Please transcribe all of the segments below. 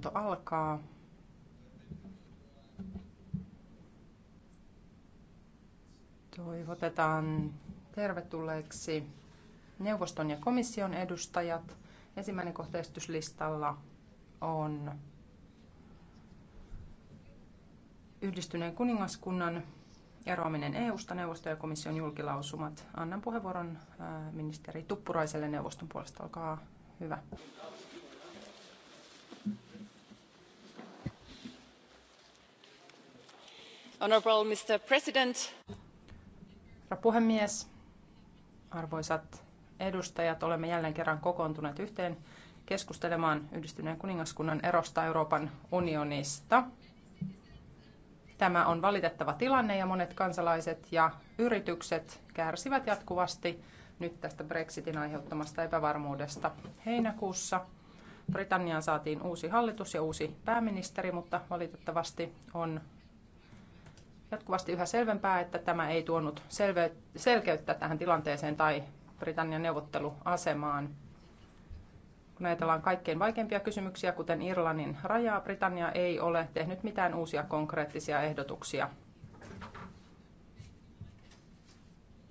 Istunto alkaa. Toivotetaan tervetulleeksi neuvoston ja komission edustajat. Ensimmäinen kohteistuslistalla on Yhdistyneen kuningaskunnan eroaminen EU-sta, neuvosto ja komission julkilausumat. Annan puheenvuoron ministeri Tuppuraiselle neuvoston puolesta. Olkaa hyvä. Herra puhemies, arvoisat edustajat, olemme jälleen kerran kokoontuneet yhteen keskustelemaan yhdistyneen kuningaskunnan erosta Euroopan unionista. Tämä on valitettava tilanne ja monet kansalaiset ja yritykset kärsivät jatkuvasti nyt tästä Brexitin aiheuttamasta epävarmuudesta. Heinäkuussa Britanniaan saatiin uusi hallitus ja uusi pääministeri, mutta valitettavasti on jatkuvasti yhä selvempää, että tämä ei tuonut selve- selkeyttä tähän tilanteeseen tai Britannian neuvotteluasemaan. Kun ajatellaan kaikkein vaikeimpia kysymyksiä, kuten Irlannin rajaa, Britannia ei ole tehnyt mitään uusia konkreettisia ehdotuksia.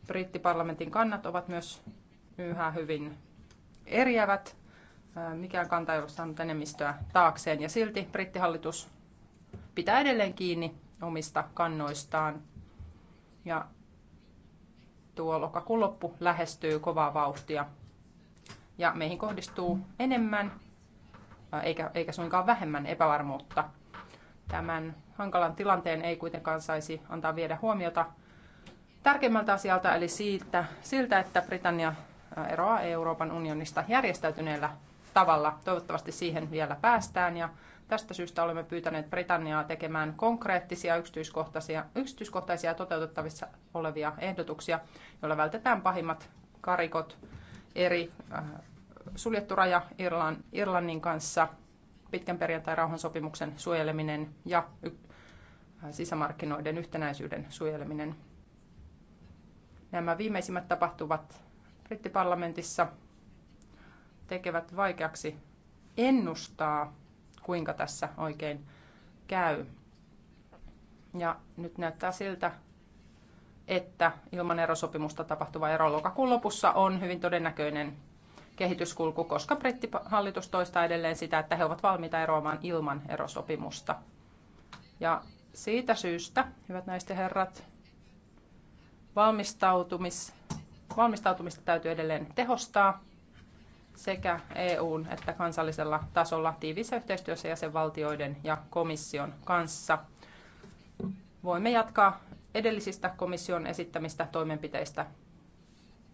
Brittiparlamentin kannat ovat myös yhä hyvin eriävät. Mikään kanta ei ole saanut enemmistöä taakseen ja silti brittihallitus pitää edelleen kiinni omista kannoistaan. Ja tuo lokakuun loppu lähestyy kovaa vauhtia. Ja meihin kohdistuu enemmän, äh, eikä, eikä suinkaan vähemmän epävarmuutta. Tämän hankalan tilanteen ei kuitenkaan saisi antaa viedä huomiota tärkeimmältä asialta, eli siitä, siltä, että Britannia äh, eroaa Euroopan unionista järjestäytyneellä tavalla. Toivottavasti siihen vielä päästään ja Tästä syystä olemme pyytäneet Britanniaa tekemään konkreettisia yksityiskohtaisia, yksityiskohtaisia toteutettavissa olevia ehdotuksia, joilla vältetään pahimmat karikot eri äh, suljettu raja Irlan, Irlannin kanssa, pitkän perjantai rauhansopimuksen sopimuksen suojeleminen ja y, äh, sisämarkkinoiden yhtenäisyyden suojeleminen. Nämä viimeisimmät tapahtuvat brittiparlamentissa tekevät vaikeaksi ennustaa kuinka tässä oikein käy. Ja nyt näyttää siltä, että ilman erosopimusta tapahtuva ero lokakuun lopussa on hyvin todennäköinen kehityskulku, koska brittihallitus toistaa edelleen sitä, että he ovat valmiita eroamaan ilman erosopimusta. Ja siitä syystä, hyvät naiset ja herrat, valmistautumis, valmistautumista täytyy edelleen tehostaa sekä EUn että kansallisella tasolla tiivissä yhteistyössä jäsenvaltioiden ja komission kanssa. Voimme jatkaa edellisistä komission esittämistä toimenpiteistä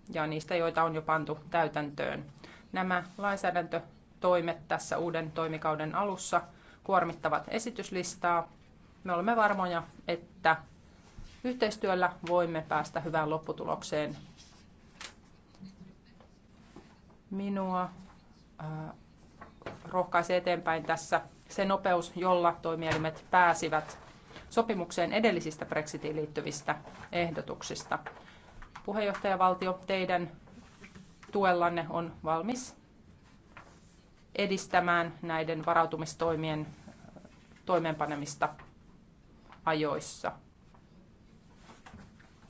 ja niistä, joita on jo pantu täytäntöön. Nämä lainsäädäntötoimet tässä uuden toimikauden alussa kuormittavat esityslistaa. Me olemme varmoja, että yhteistyöllä voimme päästä hyvään lopputulokseen minua rohkaisi eteenpäin tässä se nopeus, jolla toimielimet pääsivät sopimukseen edellisistä Brexitiin liittyvistä ehdotuksista. Puheenjohtajavaltio, teidän tuellanne on valmis edistämään näiden varautumistoimien toimeenpanemista ajoissa.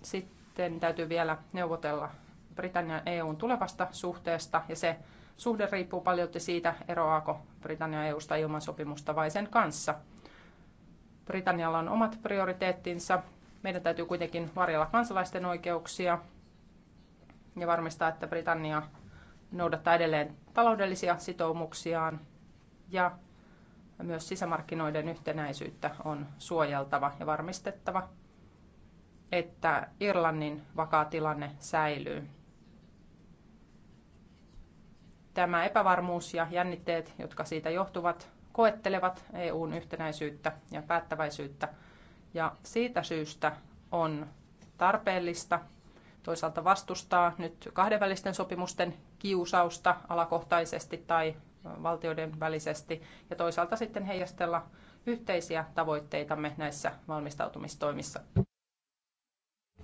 Sitten täytyy vielä neuvotella Britannian EUn tulevasta suhteesta ja se suhde riippuu paljolti siitä, eroaako Britannia EUsta ilman sopimusta vai sen kanssa. Britannialla on omat prioriteettinsa. Meidän täytyy kuitenkin varjella kansalaisten oikeuksia ja varmistaa, että Britannia noudattaa edelleen taloudellisia sitoumuksiaan ja myös sisämarkkinoiden yhtenäisyyttä on suojeltava ja varmistettava, että Irlannin vakaa tilanne säilyy. Tämä epävarmuus ja jännitteet, jotka siitä johtuvat, koettelevat EUn yhtenäisyyttä ja päättäväisyyttä. Ja siitä syystä on tarpeellista toisaalta vastustaa nyt kahdenvälisten sopimusten kiusausta alakohtaisesti tai valtioiden välisesti ja toisaalta sitten heijastella yhteisiä tavoitteitamme näissä valmistautumistoimissa.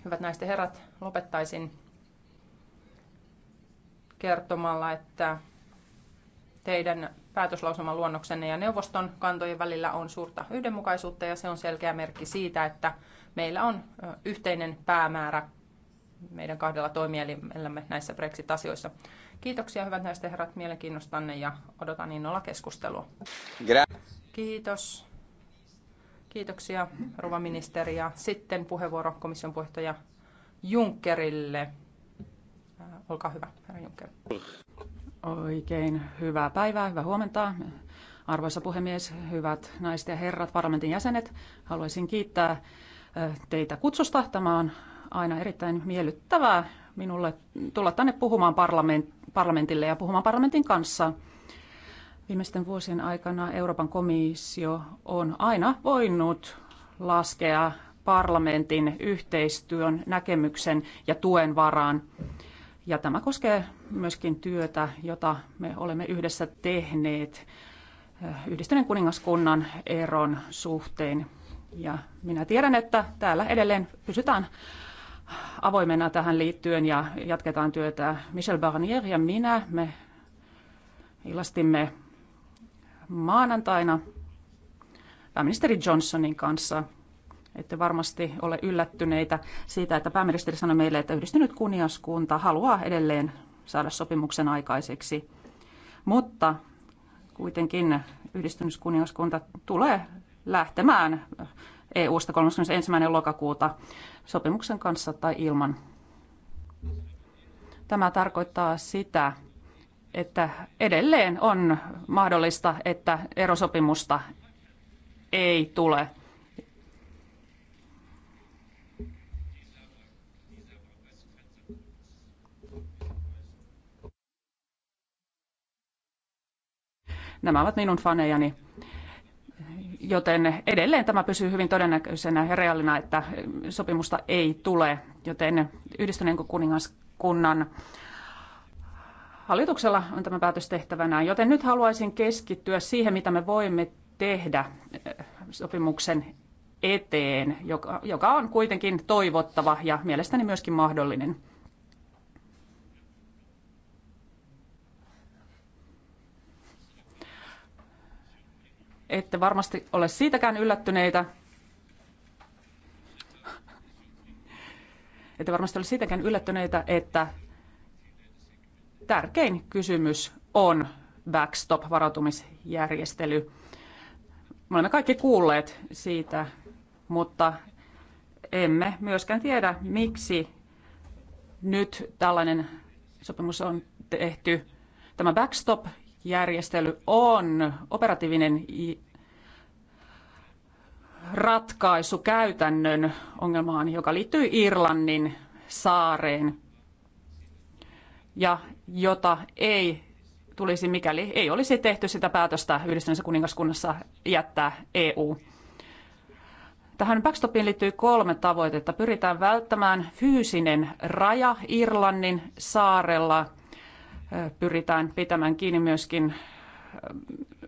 Hyvät naiset ja herrat, lopettaisin kertomalla, että teidän päätöslausuman luonnoksenne ja neuvoston kantojen välillä on suurta yhdenmukaisuutta ja se on selkeä merkki siitä, että meillä on yhteinen päämäärä meidän kahdella toimielimellämme näissä Brexit-asioissa. Kiitoksia hyvät näistä herrat mielenkiinnostanne ja odotan innolla keskustelua. Kiitos. Kiitoksia, rouva ministeri. Ja sitten puheenvuoro komission puheenjohtaja Junckerille. Äh, olkaa hyvä, herra Juncker. Oikein hyvää päivää, hyvää huomenta. Arvoisa puhemies, hyvät naiset ja herrat, parlamentin jäsenet, haluaisin kiittää äh, teitä kutsusta. Tämä on aina erittäin miellyttävää minulle tulla tänne puhumaan parlamentille ja puhumaan parlamentin kanssa. Viimeisten vuosien aikana Euroopan komissio on aina voinut laskea parlamentin yhteistyön, näkemyksen ja tuen varaan. Ja tämä koskee myöskin työtä, jota me olemme yhdessä tehneet eh, yhdistyneen kuningaskunnan eron suhteen. Ja minä tiedän, että täällä edelleen pysytään avoimena tähän liittyen ja jatketaan työtä. Michel Barnier ja minä, me ilastimme maanantaina pääministeri Johnsonin kanssa ette varmasti ole yllättyneitä siitä, että pääministeri sanoi meille, että yhdistynyt kuniaskunta haluaa edelleen saada sopimuksen aikaiseksi. Mutta kuitenkin yhdistynyt kuniaskunta tulee lähtemään EU-sta 31. lokakuuta sopimuksen kanssa tai ilman. Tämä tarkoittaa sitä, että edelleen on mahdollista, että erosopimusta ei tule – Nämä ovat minun fanejani. Joten edelleen tämä pysyy hyvin todennäköisenä ja reaalina, että sopimusta ei tule. Joten yhdistyneen kuningaskunnan hallituksella on tämä päätös tehtävänä. Joten nyt haluaisin keskittyä siihen, mitä me voimme tehdä eh, sopimuksen eteen, joka, joka on kuitenkin toivottava ja mielestäni myöskin mahdollinen. ette varmasti ole siitäkään yllättyneitä. Ette varmasti ole siitäkään yllättyneitä, että tärkein kysymys on backstop, varautumisjärjestely. Me olemme kaikki kuulleet siitä, mutta emme myöskään tiedä, miksi nyt tällainen sopimus on tehty. Tämä backstop järjestely on operatiivinen ratkaisu käytännön ongelmaan, joka liittyy Irlannin saareen ja jota ei tulisi, mikäli ei olisi tehty sitä päätöstä yhdistyneessä kuningaskunnassa jättää EU. Tähän backstopiin liittyy kolme tavoitetta. Pyritään välttämään fyysinen raja Irlannin saarella – pyritään pitämään kiinni myöskin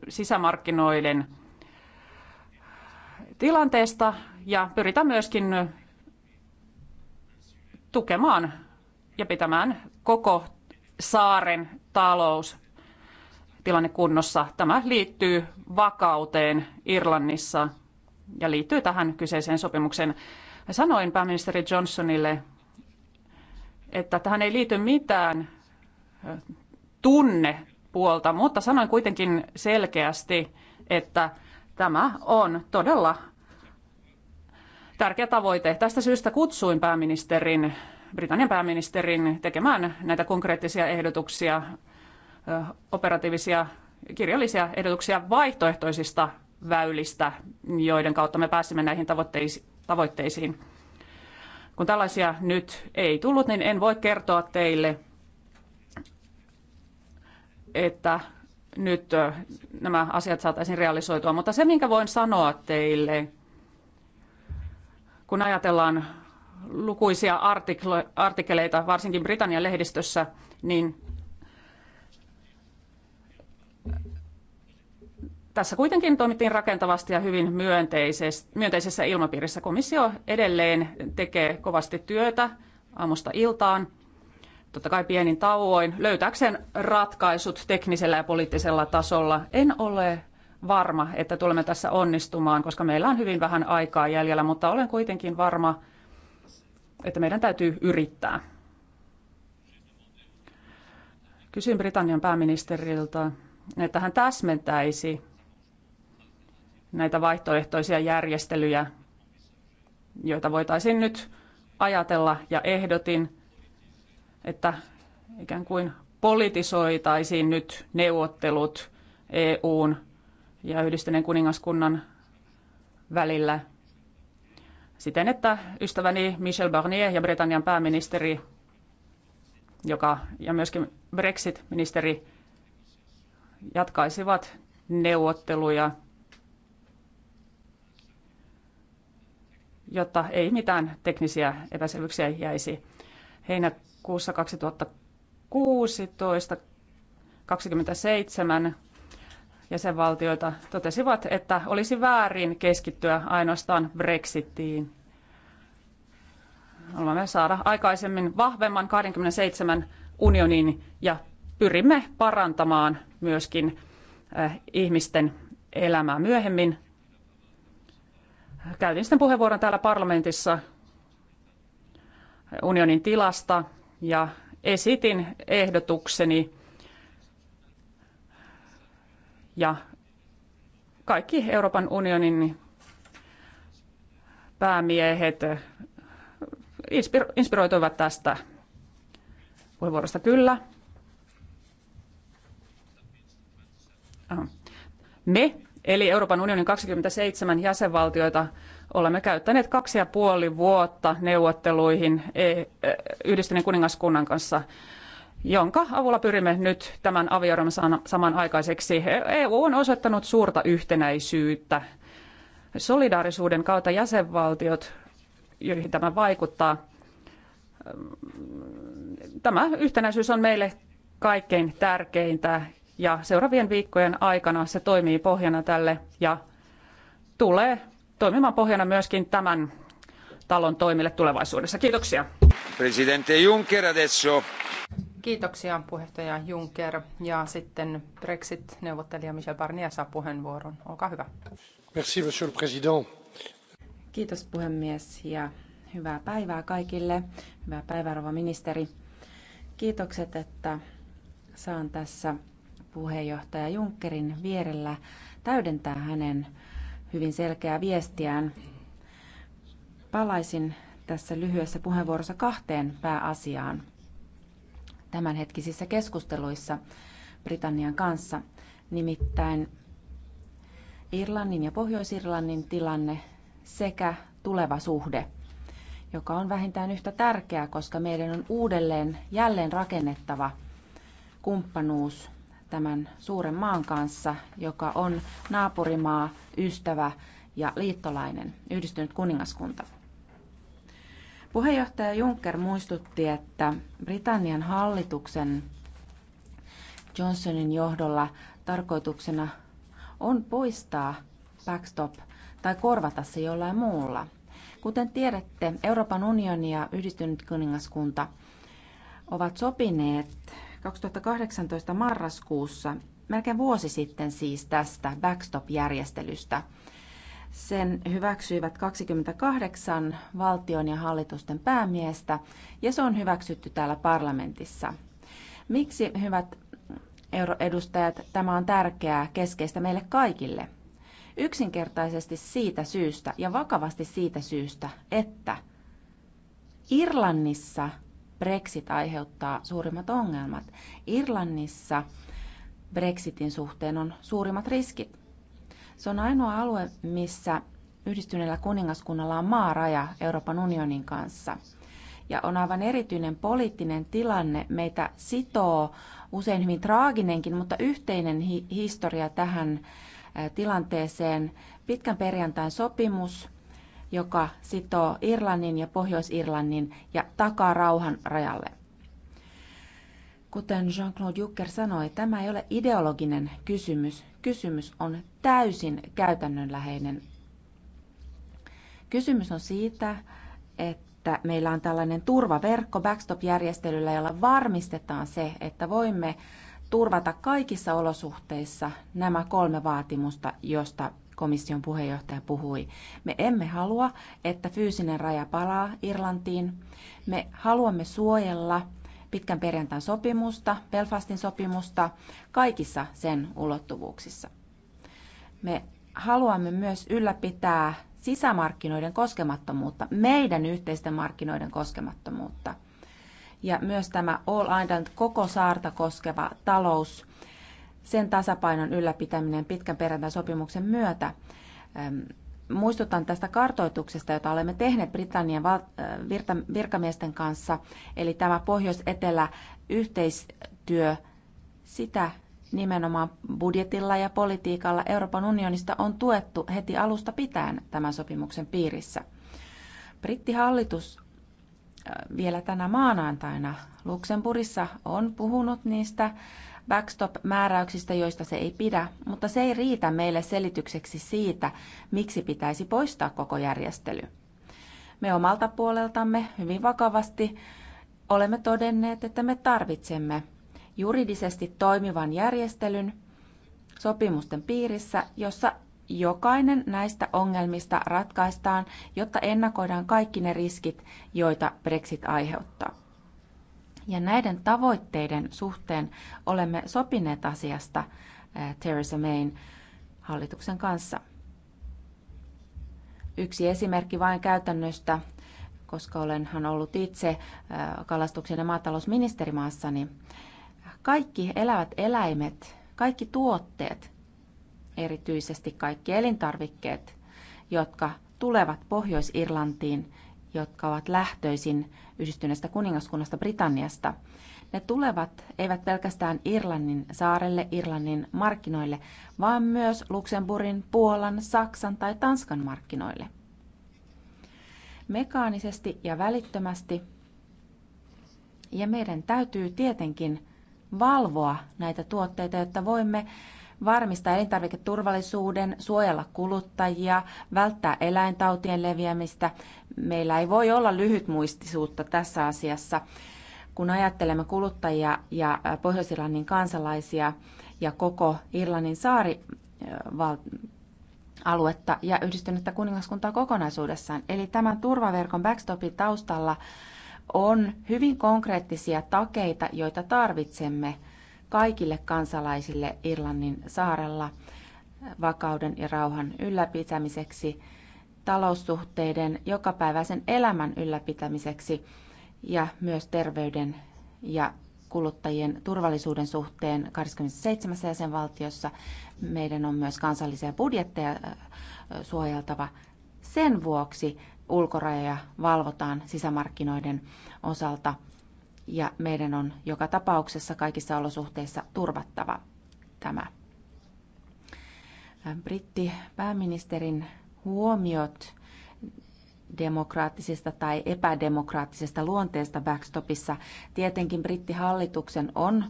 sisämarkkinoiden tilanteesta ja pyritään myöskin tukemaan ja pitämään koko saaren talous tilanne kunnossa. Tämä liittyy vakauteen Irlannissa ja liittyy tähän kyseiseen sopimukseen. Sanoin pääministeri Johnsonille, että tähän ei liity mitään tunne puolta, mutta sanoin kuitenkin selkeästi, että tämä on todella tärkeä tavoite. Tästä syystä kutsuin pääministerin, Britannian pääministerin tekemään näitä konkreettisia ehdotuksia, operatiivisia kirjallisia ehdotuksia vaihtoehtoisista väylistä, joiden kautta me pääsimme näihin tavoitteisiin. Kun tällaisia nyt ei tullut, niin en voi kertoa teille että nyt nämä asiat saataisiin realisoitua. Mutta se, minkä voin sanoa teille, kun ajatellaan lukuisia artikkeleita, varsinkin Britannian lehdistössä, niin tässä kuitenkin toimittiin rakentavasti ja hyvin myönteisessä ilmapiirissä. Komissio edelleen tekee kovasti työtä aamusta iltaan – totta kai pienin tauoin, löytääkseen ratkaisut teknisellä ja poliittisella tasolla. En ole varma, että tulemme tässä onnistumaan, koska meillä on hyvin vähän aikaa jäljellä, mutta olen kuitenkin varma, että meidän täytyy yrittää. Kysyin Britannian pääministeriltä, että hän täsmentäisi näitä vaihtoehtoisia järjestelyjä, joita voitaisiin nyt ajatella ja ehdotin, että ikään kuin politisoitaisiin nyt neuvottelut EUn ja yhdistyneen kuningaskunnan välillä siten, että ystäväni Michel Barnier ja Britannian pääministeri joka, ja myöskin Brexit-ministeri jatkaisivat neuvotteluja, jotta ei mitään teknisiä epäselvyyksiä jäisi. Heinät kuussa 2016 27 jäsenvaltioita totesivat, että olisi väärin keskittyä ainoastaan Brexitiin. Haluamme saada aikaisemmin vahvemman 27 unionin ja pyrimme parantamaan myöskin eh, ihmisten elämää myöhemmin. Käytin sitten puheenvuoron täällä parlamentissa unionin tilasta ja esitin ehdotukseni ja kaikki Euroopan unionin päämiehet inspiroituivat tästä puheenvuorosta kyllä. Me, eli Euroopan unionin 27 jäsenvaltioita, Olemme käyttäneet kaksi ja puoli vuotta neuvotteluihin e, e, yhdistyneen kuningaskunnan kanssa jonka avulla pyrimme nyt tämän avioeron samanaikaiseksi. EU e on osoittanut suurta yhtenäisyyttä. Solidaarisuuden kautta jäsenvaltiot, joihin tämä vaikuttaa, tämä yhtenäisyys on meille kaikkein tärkeintä ja seuraavien viikkojen aikana se toimii pohjana tälle ja tulee toimimaan pohjana myöskin tämän talon toimille tulevaisuudessa. Kiitoksia. Presidente Juncker adesso. Kiitoksia puheenjohtaja Juncker ja sitten Brexit-neuvottelija Michel Barnier saa puheenvuoron. Olkaa hyvä. Merci, monsieur le président. Kiitos puhemies ja hyvää päivää kaikille. Hyvää päivää rouva ministeri. Kiitokset, että saan tässä puheenjohtaja Junckerin vierellä täydentää hänen hyvin selkeää viestiään. Palaisin tässä lyhyessä puheenvuorossa kahteen pääasiaan tämänhetkisissä keskusteluissa Britannian kanssa, nimittäin Irlannin ja Pohjois-Irlannin tilanne sekä tuleva suhde, joka on vähintään yhtä tärkeää, koska meidän on uudelleen jälleen rakennettava kumppanuus tämän suuren maan kanssa, joka on naapurimaa, ystävä ja liittolainen, yhdistynyt kuningaskunta. Puheenjohtaja Juncker muistutti, että Britannian hallituksen Johnsonin johdolla tarkoituksena on poistaa backstop tai korvata se jollain muulla. Kuten tiedätte, Euroopan unioni ja yhdistynyt kuningaskunta ovat sopineet 2018 marraskuussa, melkein vuosi sitten siis tästä backstop-järjestelystä. Sen hyväksyivät 28 valtion ja hallitusten päämiestä ja se on hyväksytty täällä parlamentissa. Miksi, hyvät euroedustajat, tämä on tärkeää keskeistä meille kaikille? Yksinkertaisesti siitä syystä ja vakavasti siitä syystä, että Irlannissa Brexit aiheuttaa suurimmat ongelmat. Irlannissa Brexitin suhteen on suurimmat riskit. Se on ainoa alue, missä yhdistyneellä kuningaskunnalla on maaraja Euroopan unionin kanssa. Ja on aivan erityinen poliittinen tilanne. Meitä sitoo usein hyvin traaginenkin, mutta yhteinen hi- historia tähän tilanteeseen. Pitkän perjantain sopimus joka sitoo Irlannin ja Pohjois-Irlannin ja takaa rauhan rajalle. Kuten Jean-Claude Juncker sanoi, tämä ei ole ideologinen kysymys. Kysymys on täysin käytännönläheinen. Kysymys on siitä, että meillä on tällainen turvaverkko backstop-järjestelyllä, jolla varmistetaan se, että voimme turvata kaikissa olosuhteissa nämä kolme vaatimusta, josta komission puheenjohtaja puhui. Me emme halua, että fyysinen raja palaa Irlantiin. Me haluamme suojella pitkän perjantain sopimusta, Belfastin sopimusta, kaikissa sen ulottuvuuksissa. Me haluamme myös ylläpitää sisämarkkinoiden koskemattomuutta, meidän yhteisten markkinoiden koskemattomuutta. Ja myös tämä All Island koko saarta koskeva talous, sen tasapainon ylläpitäminen pitkän perjantai-sopimuksen myötä. Muistutan tästä kartoituksesta, jota olemme tehneet Britannian äh, virkamiesten kanssa, eli tämä pohjois-etelä-yhteistyö, sitä nimenomaan budjetilla ja politiikalla Euroopan unionista on tuettu heti alusta pitäen tämän sopimuksen piirissä. Brittihallitus äh, vielä tänä maanantaina Luxemburissa on puhunut niistä backstop-määräyksistä, joista se ei pidä, mutta se ei riitä meille selitykseksi siitä, miksi pitäisi poistaa koko järjestely. Me omalta puoleltamme hyvin vakavasti olemme todenneet, että me tarvitsemme juridisesti toimivan järjestelyn sopimusten piirissä, jossa jokainen näistä ongelmista ratkaistaan, jotta ennakoidaan kaikki ne riskit, joita Brexit aiheuttaa. Ja näiden tavoitteiden suhteen olemme sopineet asiasta eh, Theresa Mayn hallituksen kanssa. Yksi esimerkki vain käytännöstä, koska olenhan ollut itse eh, kalastuksen ja maatalousministerimaassani. Kaikki elävät eläimet, kaikki tuotteet, erityisesti kaikki elintarvikkeet, jotka tulevat Pohjois-Irlantiin jotka ovat lähtöisin yhdistyneestä kuningaskunnasta Britanniasta. Ne tulevat eivät pelkästään Irlannin saarelle, Irlannin markkinoille, vaan myös Luxemburgin, Puolan, Saksan tai Tanskan markkinoille. Mekaanisesti ja välittömästi. Ja meidän täytyy tietenkin valvoa näitä tuotteita, jotta voimme varmistaa elintarviketurvallisuuden, suojella kuluttajia, välttää eläintautien leviämistä. Meillä ei voi olla lyhytmuistisuutta tässä asiassa. Kun ajattelemme kuluttajia ja Pohjois-Irlannin kansalaisia ja koko Irlannin saari aluetta ja yhdistynyttä kuningaskuntaa kokonaisuudessaan. Eli tämän turvaverkon backstopin taustalla on hyvin konkreettisia takeita, joita tarvitsemme – kaikille kansalaisille Irlannin saarella vakauden ja rauhan ylläpitämiseksi, taloussuhteiden jokapäiväisen elämän ylläpitämiseksi ja myös terveyden ja kuluttajien turvallisuuden suhteen 27 jäsenvaltiossa. Meidän on myös kansallisia budjetteja suojeltava. Sen vuoksi ulkorajoja valvotaan sisämarkkinoiden osalta ja meidän on joka tapauksessa kaikissa olosuhteissa turvattava tämä. Britti pääministerin huomiot demokraattisesta tai epädemokraattisesta luonteesta backstopissa. Tietenkin brittihallituksen on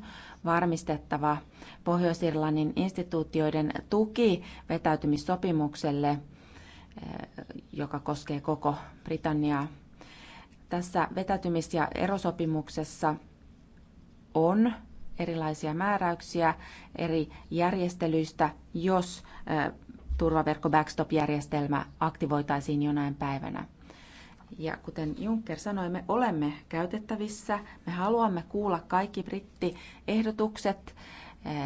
varmistettava Pohjois-Irlannin instituutioiden tuki vetäytymissopimukselle, eh, joka koskee koko Britanniaa. Tässä vetäytymis- ja erosopimuksessa on erilaisia määräyksiä eri järjestelyistä, jos turvaverkko backstop-järjestelmä aktivoitaisiin jonain päivänä. Ja kuten Juncker sanoi, me olemme käytettävissä. Me haluamme kuulla kaikki brittiehdotukset,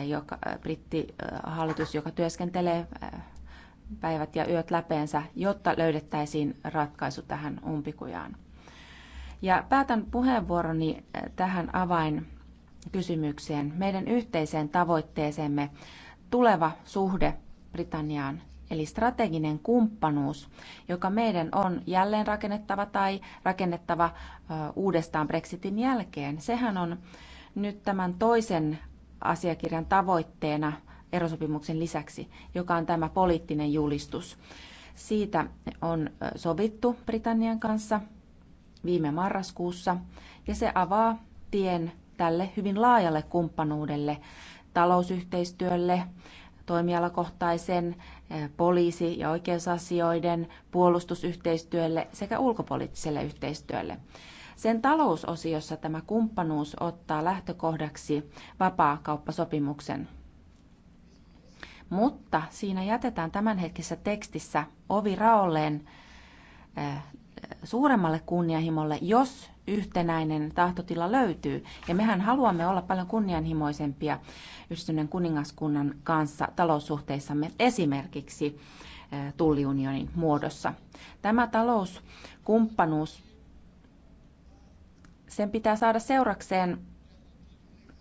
joka, brittihallitus, joka työskentelee päivät ja yöt läpeensä, jotta löydettäisiin ratkaisu tähän umpikujaan. Ja päätän puheenvuoroni eh, tähän avainkysymykseen, meidän yhteiseen tavoitteeseemme tuleva suhde Britanniaan, eli strateginen kumppanuus, joka meidän on jälleen rakennettava tai rakennettava eh, uudestaan Brexitin jälkeen. Sehän on nyt tämän toisen asiakirjan tavoitteena erosopimuksen lisäksi, joka on tämä poliittinen julistus. Siitä on eh, sovittu Britannian kanssa viime marraskuussa ja se avaa tien tälle hyvin laajalle kumppanuudelle, talousyhteistyölle, toimialakohtaisen eh, poliisi- ja oikeusasioiden puolustusyhteistyölle sekä ulkopoliittiselle yhteistyölle. Sen talousosiossa tämä kumppanuus ottaa lähtökohdaksi vapaakauppasopimuksen. Mutta siinä jätetään tämänhetkisessä tekstissä ovi raolleen eh, suuremmalle kunnianhimolle, jos yhtenäinen tahtotila löytyy. Ja mehän haluamme olla paljon kunnianhimoisempia yhdistyneen kuningaskunnan kanssa taloussuhteissamme esimerkiksi eh, tulliunionin muodossa. Tämä talouskumppanuus, sen pitää saada seurakseen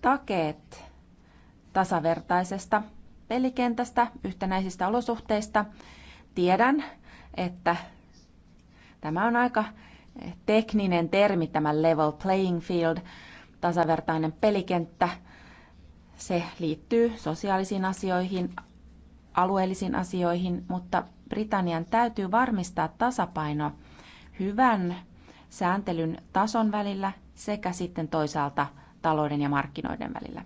takeet tasavertaisesta pelikentästä, yhtenäisistä olosuhteista. Tiedän, että Tämä on aika tekninen termi, tämä level playing field, tasavertainen pelikenttä. Se liittyy sosiaalisiin asioihin, alueellisiin asioihin, mutta Britannian täytyy varmistaa tasapaino hyvän sääntelyn tason välillä sekä sitten toisaalta talouden ja markkinoiden välillä.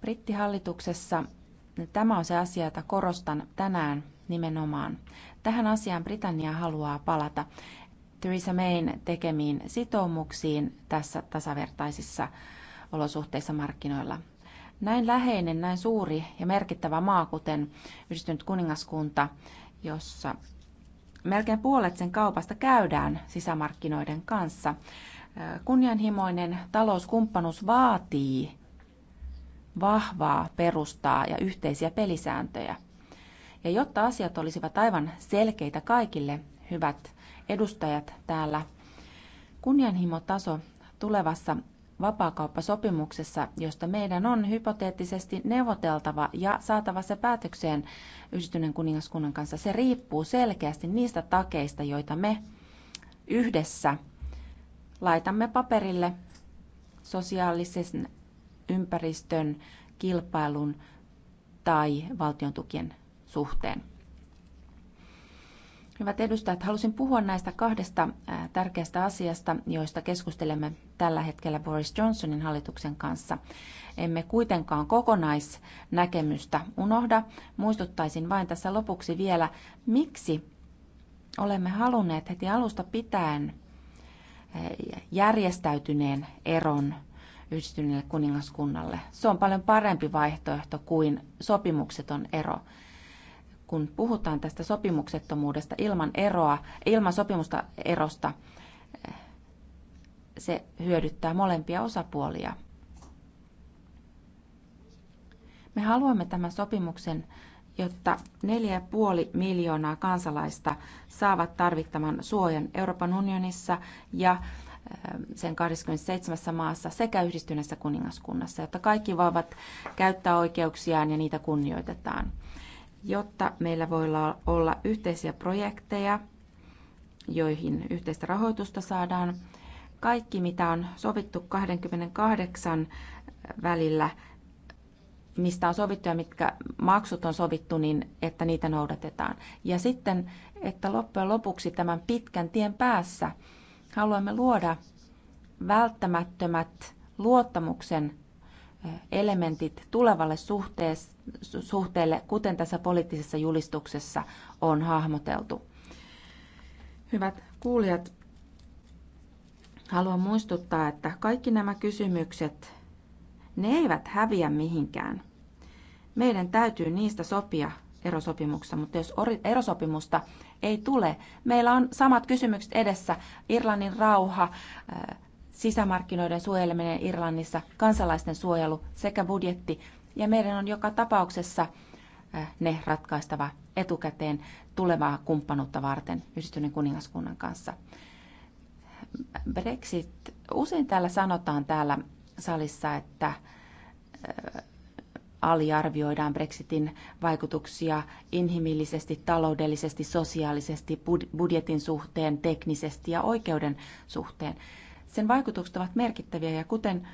Brittihallituksessa tämä on se asia, jota korostan tänään nimenomaan. Tähän asiaan Britannia haluaa palata Theresa Mayn tekemiin sitoumuksiin tässä tasavertaisissa olosuhteissa markkinoilla. Näin läheinen, näin suuri ja merkittävä maa, kuten yhdistynyt kuningaskunta, jossa melkein puolet sen kaupasta käydään sisämarkkinoiden kanssa. Kunnianhimoinen talouskumppanuus vaatii vahvaa perustaa ja yhteisiä pelisääntöjä – ja jotta asiat olisivat aivan selkeitä kaikille, hyvät edustajat täällä, kunnianhimotaso tulevassa vapaakauppasopimuksessa, josta meidän on hypoteettisesti neuvoteltava ja saatava se päätökseen yhdistyneen kuningaskunnan kanssa, se riippuu selkeästi niistä takeista, joita me yhdessä laitamme paperille sosiaalisen ympäristön, kilpailun tai valtiontukien suhteen. Hyvät edustajat, halusin puhua näistä kahdesta tärkeästä asiasta, joista keskustelemme tällä hetkellä Boris Johnsonin hallituksen kanssa. Emme kuitenkaan kokonaisnäkemystä unohda. Muistuttaisin vain tässä lopuksi vielä, miksi olemme halunneet heti alusta pitäen järjestäytyneen eron yhdistyneelle kuningaskunnalle. Se on paljon parempi vaihtoehto kuin sopimukseton ero kun puhutaan tästä sopimuksettomuudesta ilman eroa, ilman sopimusta erosta, se hyödyttää molempia osapuolia. Me haluamme tämän sopimuksen, jotta 4,5 miljoonaa kansalaista saavat tarvittavan suojan Euroopan unionissa ja ähm, sen 27 maassa sekä yhdistyneessä kuningaskunnassa, jotta kaikki voivat käyttää oikeuksiaan ja niitä kunnioitetaan jotta meillä voi olla yhteisiä projekteja, joihin yhteistä rahoitusta saadaan. Kaikki, mitä on sovittu 28 välillä, mistä on sovittu ja mitkä maksut on sovittu, niin että niitä noudatetaan. Ja sitten, että loppujen lopuksi tämän pitkän tien päässä haluamme luoda välttämättömät luottamuksen elementit tulevalle suhteelle, kuten tässä poliittisessa julistuksessa on hahmoteltu. Hyvät kuulijat, haluan muistuttaa, että kaikki nämä kysymykset, ne eivät häviä mihinkään. Meidän täytyy niistä sopia erosopimuksessa, mutta jos erosopimusta ei tule, meillä on samat kysymykset edessä, Irlannin rauha, sisämarkkinoiden suojeleminen Irlannissa, kansalaisten suojelu sekä budjetti. Ja meidän on joka tapauksessa äh, ne ratkaistava etukäteen tulevaa kumppanuutta varten yhdistyneen kuningaskunnan kanssa. Brexit, usein täällä sanotaan täällä salissa, että äh, aliarvioidaan Brexitin vaikutuksia inhimillisesti, taloudellisesti, sosiaalisesti, budjetin suhteen, teknisesti ja oikeuden suhteen. Sen vaikutukset ovat merkittäviä ja kuten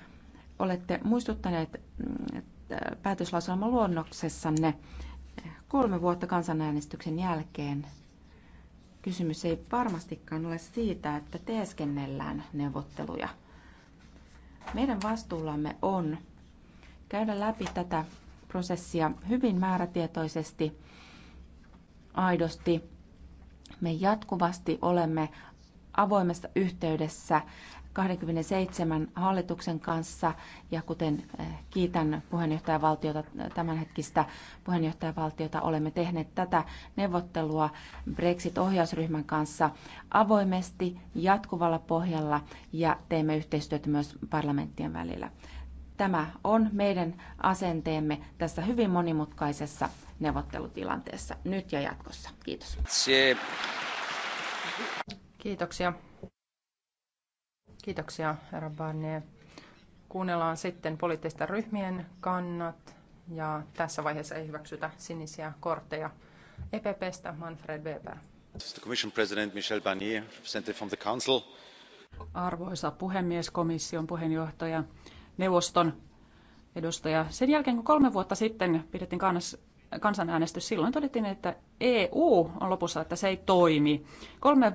olette muistuttaneet mm, päätöslauselman luonnoksessanne kolme vuotta kansanäänestyksen jälkeen, kysymys ei varmastikaan ole siitä, että teeskennellään neuvotteluja. Meidän vastuullamme on käydä läpi tätä prosessia hyvin määrätietoisesti, aidosti. Me jatkuvasti olemme avoimessa yhteydessä 27 hallituksen kanssa ja kuten eh, kiitän puheenjohtajavaltiota, tämänhetkistä puheenjohtajavaltiota, olemme tehneet tätä neuvottelua Brexit-ohjausryhmän kanssa avoimesti, jatkuvalla pohjalla ja teemme yhteistyötä myös parlamenttien välillä. Tämä on meidän asenteemme tässä hyvin monimutkaisessa neuvottelutilanteessa nyt ja jatkossa. Kiitos. Kiitoksia. Kiitoksia, herra Barnier. Kuunnellaan sitten poliittisten ryhmien kannat ja tässä vaiheessa ei hyväksytä sinisiä kortteja. EPPstä Manfred Weber. Commission President Michel Barnier, representative from the Council. Arvoisa puhemies, komission puheenjohtaja, neuvoston edustaja. Sen jälkeen, kun kolme vuotta sitten pidettiin kans, kansanäänestys, silloin todettiin, että EU on lopussa, että se ei toimi. Kolme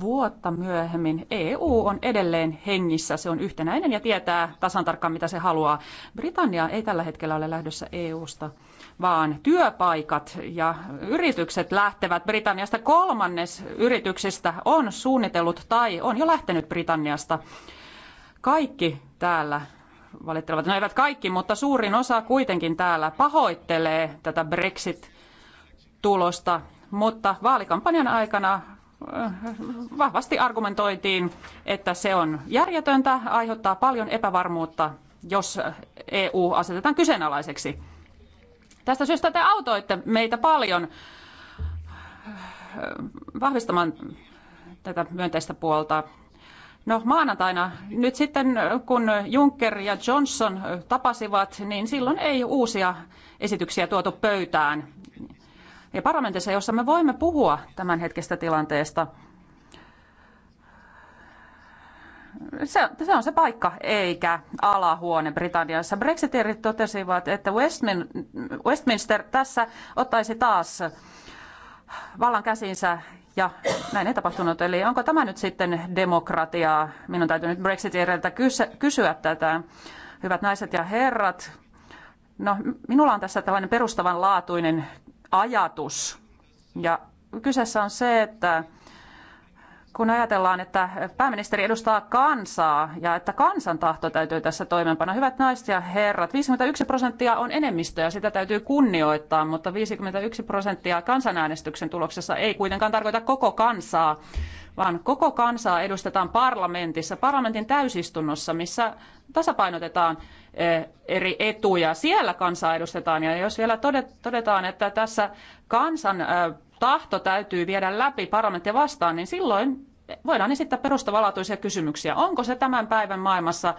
vuotta myöhemmin EU on edelleen hengissä. Se on yhtenäinen ja tietää tasan tarkkaan, mitä se haluaa. Britannia ei tällä hetkellä ole lähdössä EUsta, vaan työpaikat ja yritykset lähtevät Britanniasta. Kolmannes yrityksistä on suunnitellut tai on jo lähtenyt Britanniasta. Kaikki täällä valittelevat, no eivät kaikki, mutta suurin osa kuitenkin täällä pahoittelee tätä Brexit-tulosta. Mutta vaalikampanjan aikana Äh, vahvasti argumentoitiin, että se on järjetöntä, aiheuttaa paljon epävarmuutta, jos EU asetetaan kyseenalaiseksi. Tästä syystä te autoitte meitä paljon äh, vahvistamaan tätä myönteistä puolta. No maanantaina nyt sitten, kun Juncker ja Johnson tapasivat, niin silloin ei uusia esityksiä tuotu pöytään ja parlamentissa, jossa me voimme puhua tämän hetkestä tilanteesta. Se, se on se paikka, eikä alahuone Britanniassa. Brexiteerit totesivat, että Westmin, Westminster tässä ottaisi taas vallan käsinsä ja näin ei tapahtunut. Eli onko tämä nyt sitten demokratiaa? Minun täytyy nyt Brexiteeriltä kysyä tätä. Hyvät naiset ja herrat, no, minulla on tässä tällainen perustavanlaatuinen ajatus. Ja kyseessä on se, että kun ajatellaan, että pääministeri edustaa kansaa ja että kansan tahto täytyy tässä toimenpana. Hyvät naiset ja herrat, 51 prosenttia on enemmistö ja sitä täytyy kunnioittaa, mutta 51 prosenttia kansanäänestyksen tuloksessa ei kuitenkaan tarkoita koko kansaa, vaan koko kansaa edustetaan parlamentissa, parlamentin täysistunnossa, missä tasapainotetaan eh, eri etuja. Siellä kansaa edustetaan ja jos vielä todetaan, että tässä kansan eh, tahto täytyy viedä läpi parlamenttia vastaan, niin silloin voidaan esittää perustavanlaatuisia kysymyksiä. Onko se tämän päivän maailmassa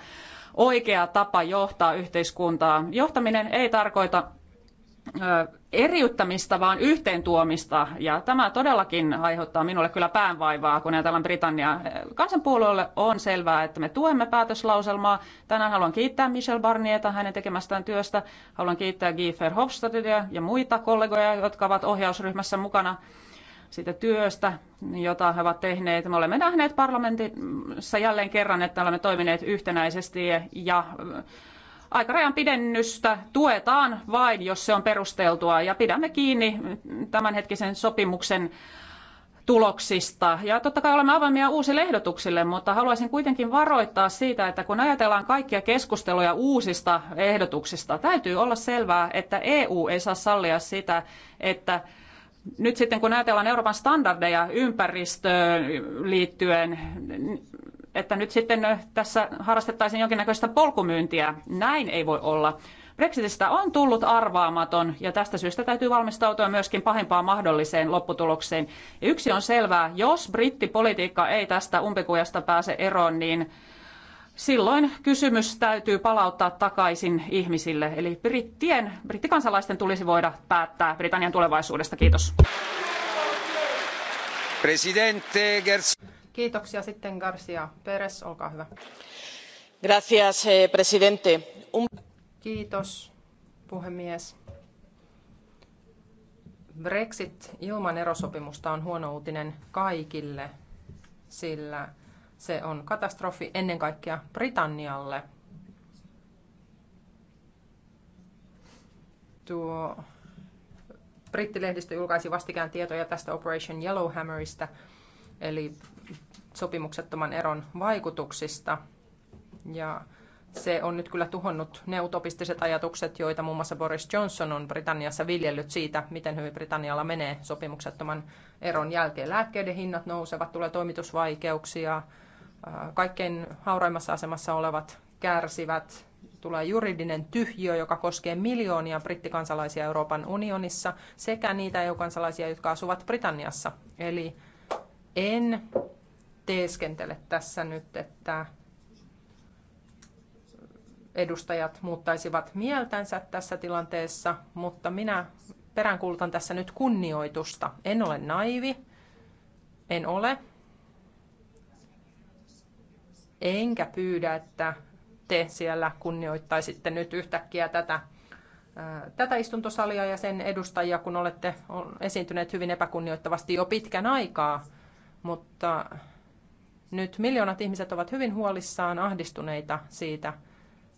oikea tapa johtaa yhteiskuntaa? Johtaminen ei tarkoita eh, eriyttämistä, vaan yhteen tuomista. Ja tämä todellakin aiheuttaa minulle kyllä päänvaivaa, kun ajatellaan Britanniaa. Kansanpuolueelle on selvää, että me tuemme päätöslauselmaa. Tänään haluan kiittää Michel Barnieta hänen tekemästään työstä. Haluan kiittää Guy Verhofstadtia ja muita kollegoja, jotka ovat ohjausryhmässä mukana siitä työstä, jota he ovat tehneet. Me olemme nähneet parlamentissa jälleen kerran, että olemme toimineet yhtenäisesti ja aikarajan pidennystä tuetaan vain, jos se on perusteltua ja pidämme kiinni tämänhetkisen sopimuksen tuloksista. Ja totta kai olemme avoimia uusille ehdotuksille, mutta haluaisin kuitenkin varoittaa siitä, että kun ajatellaan kaikkia keskusteluja uusista ehdotuksista, täytyy olla selvää, että EU ei saa sallia sitä, että nyt sitten kun ajatellaan Euroopan standardeja ympäristöön liittyen, että nyt sitten tässä harrastettaisiin jonkinnäköistä polkumyyntiä. Näin ei voi olla. Brexitistä on tullut arvaamaton ja tästä syystä täytyy valmistautua myöskin pahimpaan mahdolliseen lopputulokseen. Ja yksi on selvää, jos brittipolitiikka ei tästä umpikujasta pääse eroon, niin silloin kysymys täytyy palauttaa takaisin ihmisille. Eli brittien, brittikansalaisten tulisi voida päättää Britannian tulevaisuudesta. Kiitos. Presidente Gers- Kiitoksia sitten Garcia Perez, olkaa hyvä. Gracias, eh, presidente. Un... Kiitos, puhemies. Brexit ilman erosopimusta on huono uutinen kaikille, sillä se on katastrofi ennen kaikkea Britannialle. Tuo brittilehdistö julkaisi vastikään tietoja tästä Operation Yellowhammerista, eli sopimuksettoman eron vaikutuksista. Ja se on nyt kyllä tuhonnut ne utopistiset ajatukset, joita muun muassa Boris Johnson on Britanniassa viljellyt siitä, miten hyvin Britannialla menee sopimuksettoman eron jälkeen. Lääkkeiden hinnat nousevat, tulee toimitusvaikeuksia, kaikkein hauraimmassa asemassa olevat kärsivät, tulee juridinen tyhjiö, joka koskee miljoonia brittikansalaisia Euroopan unionissa sekä niitä EU-kansalaisia, jotka asuvat Britanniassa. Eli en teeskentele tässä nyt, että edustajat muuttaisivat mieltänsä tässä tilanteessa, mutta minä peräänkuulutan tässä nyt kunnioitusta. En ole naivi, en ole, enkä pyydä, että te siellä kunnioittaisitte nyt yhtäkkiä tätä, tätä istuntosalia ja sen edustajia, kun olette esiintyneet hyvin epäkunnioittavasti jo pitkän aikaa – mutta nyt miljoonat ihmiset ovat hyvin huolissaan, ahdistuneita siitä,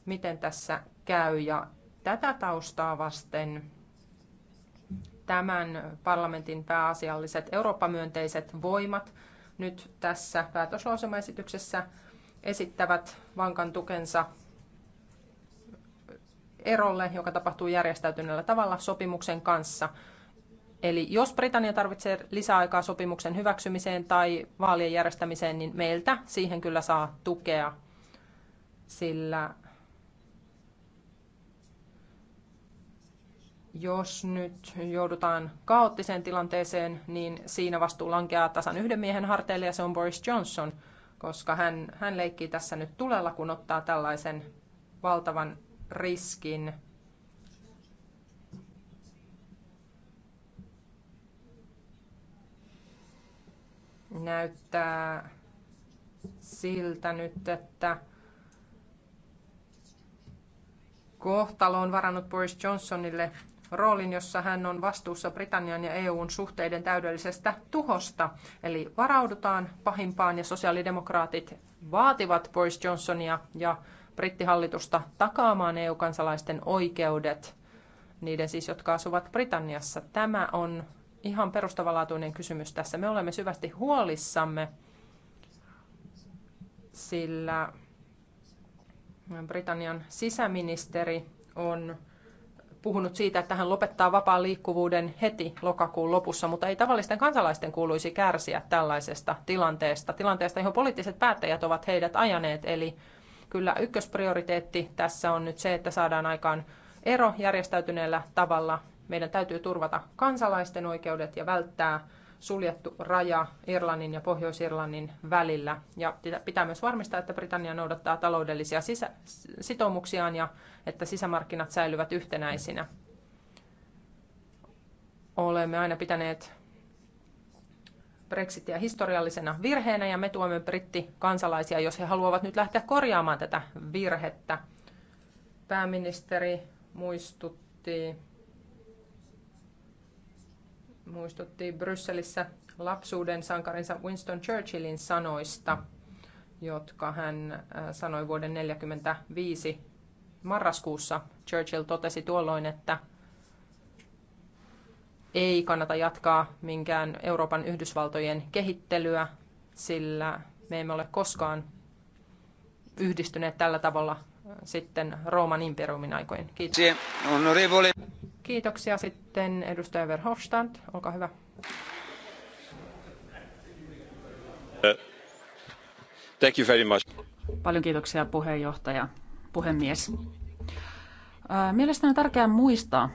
miten tässä käy. Ja tätä taustaa vasten tämän parlamentin pääasialliset eurooppamyönteiset voimat nyt tässä päätöslauselmaesityksessä esittävät vankan tukensa erolle, joka tapahtuu järjestäytyneellä tavalla sopimuksen kanssa – Eli jos Britannia tarvitsee lisäaikaa sopimuksen hyväksymiseen tai vaalien järjestämiseen, niin meiltä siihen kyllä saa tukea, sillä jos nyt joudutaan kaoottiseen tilanteeseen, niin siinä vastuu lankeaa tasan yhden miehen harteille ja se on Boris Johnson, koska hän, hän leikkii tässä nyt tulella, kun ottaa tällaisen valtavan riskin – näyttää siltä nyt, että kohtalo on varannut Boris Johnsonille roolin, jossa hän on vastuussa Britannian ja EUn suhteiden täydellisestä tuhosta. Eli varaudutaan pahimpaan ja sosiaalidemokraatit vaativat Boris Johnsonia ja brittihallitusta takaamaan EU-kansalaisten oikeudet, niiden siis, jotka asuvat Britanniassa. Tämä on ihan perustavanlaatuinen kysymys tässä. Me olemme syvästi huolissamme, sillä Britannian sisäministeri on puhunut siitä, että hän lopettaa vapaan liikkuvuuden heti lokakuun lopussa, mutta ei tavallisten kansalaisten kuuluisi kärsiä tällaisesta tilanteesta, tilanteesta, johon poliittiset päättäjät ovat heidät ajaneet. Eli kyllä ykkösprioriteetti tässä on nyt se, että saadaan aikaan ero järjestäytyneellä tavalla meidän täytyy turvata kansalaisten oikeudet ja välttää suljettu raja Irlannin ja Pohjois-Irlannin välillä. Ja pitää myös varmistaa, että Britannia noudattaa taloudellisia sisä- sitoumuksiaan ja että sisämarkkinat säilyvät yhtenäisinä. Olemme aina pitäneet Brexitia historiallisena virheenä ja me tuomme brittikansalaisia, jos he haluavat nyt lähteä korjaamaan tätä virhettä. Pääministeri muistutti muistutti Brysselissä lapsuuden sankarinsa Winston Churchillin sanoista, jotka hän äh, sanoi vuoden 1945 marraskuussa. Churchill totesi tuolloin, että ei kannata jatkaa minkään Euroopan Yhdysvaltojen kehittelyä, sillä me emme ole koskaan yhdistyneet tällä tavalla äh, sitten Rooman imperiumin aikojen. Kiitos. Kiitoksia sitten edustaja Verhofstadt, olkaa hyvä. Thank you very much. Paljon kiitoksia puheenjohtaja, puhemies. Äh, mielestäni on tärkeää muistaa,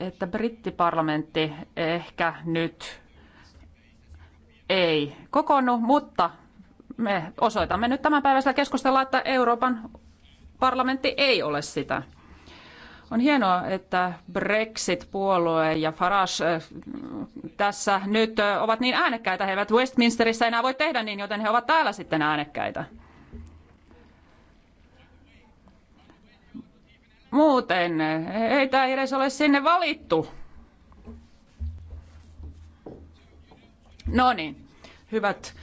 että brittiparlamentti ehkä nyt ei kokoonnu, mutta me osoitamme nyt tämän päiväisellä keskustella, että Euroopan parlamentti ei ole sitä. On hienoa, että Brexit-puolue ja Farage tässä nyt ovat niin äänekkäitä. He eivät Westminsterissä enää voi tehdä niin, joten he ovat täällä sitten äänekkäitä. Muuten ei tämä edes ole sinne valittu. No niin, hyvät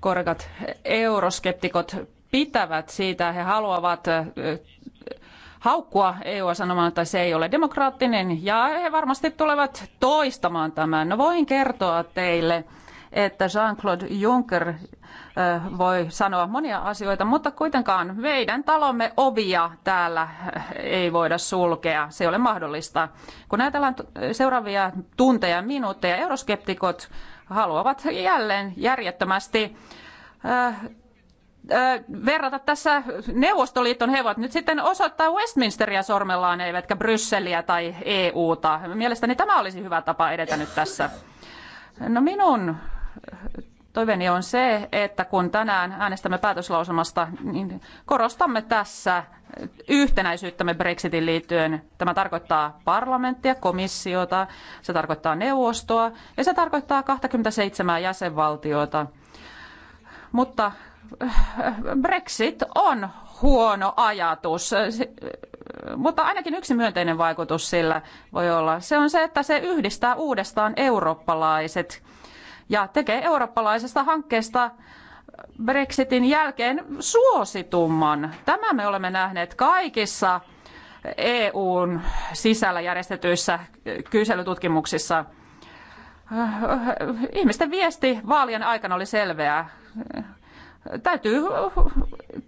korkat euroskeptikot pitävät siitä, he haluavat haukkua EUa sanomaan, että se ei ole demokraattinen, ja he varmasti tulevat toistamaan tämän. No voin kertoa teille, että Jean-Claude Juncker voi sanoa monia asioita, mutta kuitenkaan meidän talomme ovia täällä ei voida sulkea. Se ei ole mahdollista. Kun ajatellaan seuraavia tunteja, minuutteja, euroskeptikot haluavat jälleen järjettömästi verrata tässä Neuvostoliiton. hevot nyt sitten osoittaa Westminsteria sormellaan, eivätkä Brysseliä tai EUta. Mielestäni tämä olisi hyvä tapa edetä nyt tässä. No minun toiveeni on se, että kun tänään äänestämme päätöslauselmasta, niin korostamme tässä yhtenäisyyttämme Brexitin liittyen. Tämä tarkoittaa parlamenttia, komissiota, se tarkoittaa neuvostoa ja se tarkoittaa 27 jäsenvaltiota. Mutta Brexit on huono ajatus, mutta ainakin yksi myönteinen vaikutus sillä voi olla. Se on se, että se yhdistää uudestaan eurooppalaiset ja tekee eurooppalaisesta hankkeesta Brexitin jälkeen suositumman. Tämä me olemme nähneet kaikissa EUn sisällä järjestetyissä kyselytutkimuksissa. Ihmisten viesti vaalien aikana oli selveä täytyy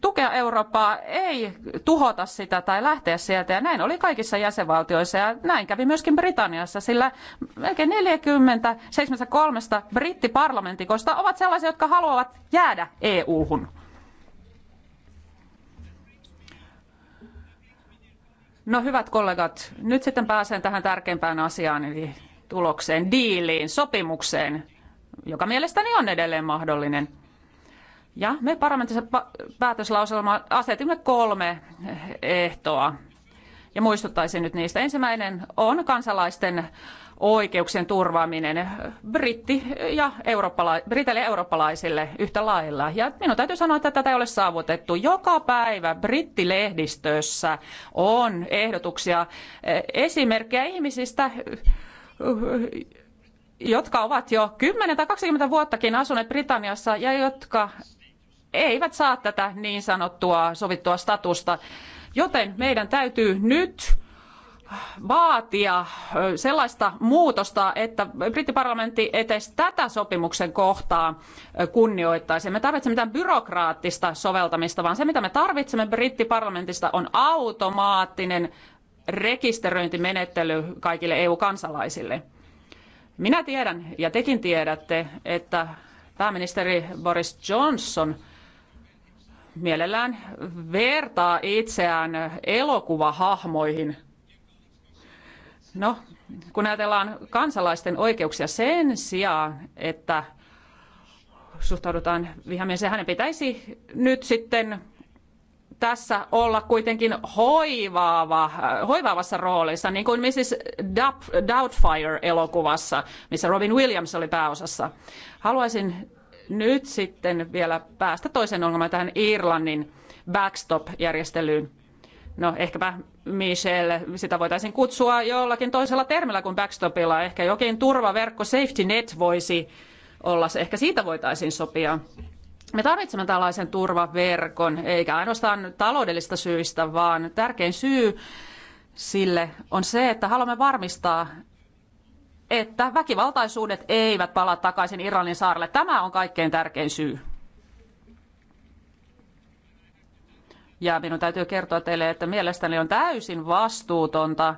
tukea Eurooppaa, ei tuhota sitä tai lähteä sieltä. Ja näin oli kaikissa jäsenvaltioissa ja näin kävi myöskin Britanniassa, sillä melkein 40 73 brittiparlamentikosta ovat sellaisia, jotka haluavat jäädä EU-hun. No hyvät kollegat, nyt sitten pääsen tähän tärkeimpään asiaan, eli tulokseen, diiliin, sopimukseen, joka mielestäni on edelleen mahdollinen. Ja me parlamentissa päätöslauselma asetimme kolme ehtoa. Ja muistuttaisin nyt niistä. Ensimmäinen on kansalaisten oikeuksien turvaaminen britti ja eurooppala- briteille ja eurooppalaisille yhtä lailla. Ja minun täytyy sanoa, että tätä ei ole saavutettu. Joka päivä brittilehdistössä on ehdotuksia, e, esimerkkejä ihmisistä, jotka ovat jo 10 tai 20 vuottakin asuneet Britanniassa ja jotka eivät saa tätä niin sanottua sovittua statusta. Joten meidän täytyy nyt vaatia sellaista muutosta, että brittiparlamentti etes tätä sopimuksen kohtaa kunnioittaisi. Me tarvitsemme mitään byrokraattista soveltamista, vaan se mitä me tarvitsemme brittiparlamentista on automaattinen rekisteröintimenettely kaikille EU-kansalaisille. Minä tiedän, ja tekin tiedätte, että pääministeri Boris Johnson – mielellään vertaa itseään elokuvahahmoihin. No, kun ajatellaan kansalaisten oikeuksia sen sijaan, että suhtaudutaan vihamieliseen, hänen pitäisi nyt sitten tässä olla kuitenkin hoivaava, hoivaavassa roolissa, niin kuin Mrs. Doubtfire-elokuvassa, missä Robin Williams oli pääosassa. Haluaisin nyt sitten vielä päästä toiseen ongelmaan tähän Irlannin backstop-järjestelyyn. No ehkäpä Michelle, sitä voitaisiin kutsua jollakin toisella termillä kuin backstopilla. Ehkä jokin turvaverkko, safety net voisi olla, ehkä siitä voitaisiin sopia. Me tarvitsemme tällaisen turvaverkon, eikä ainoastaan taloudellista syistä, vaan tärkein syy sille on se, että haluamme varmistaa, että väkivaltaisuudet eivät palaa takaisin Irlannin saarelle. Tämä on kaikkein tärkein syy. Ja minun täytyy kertoa teille, että mielestäni on täysin vastuutonta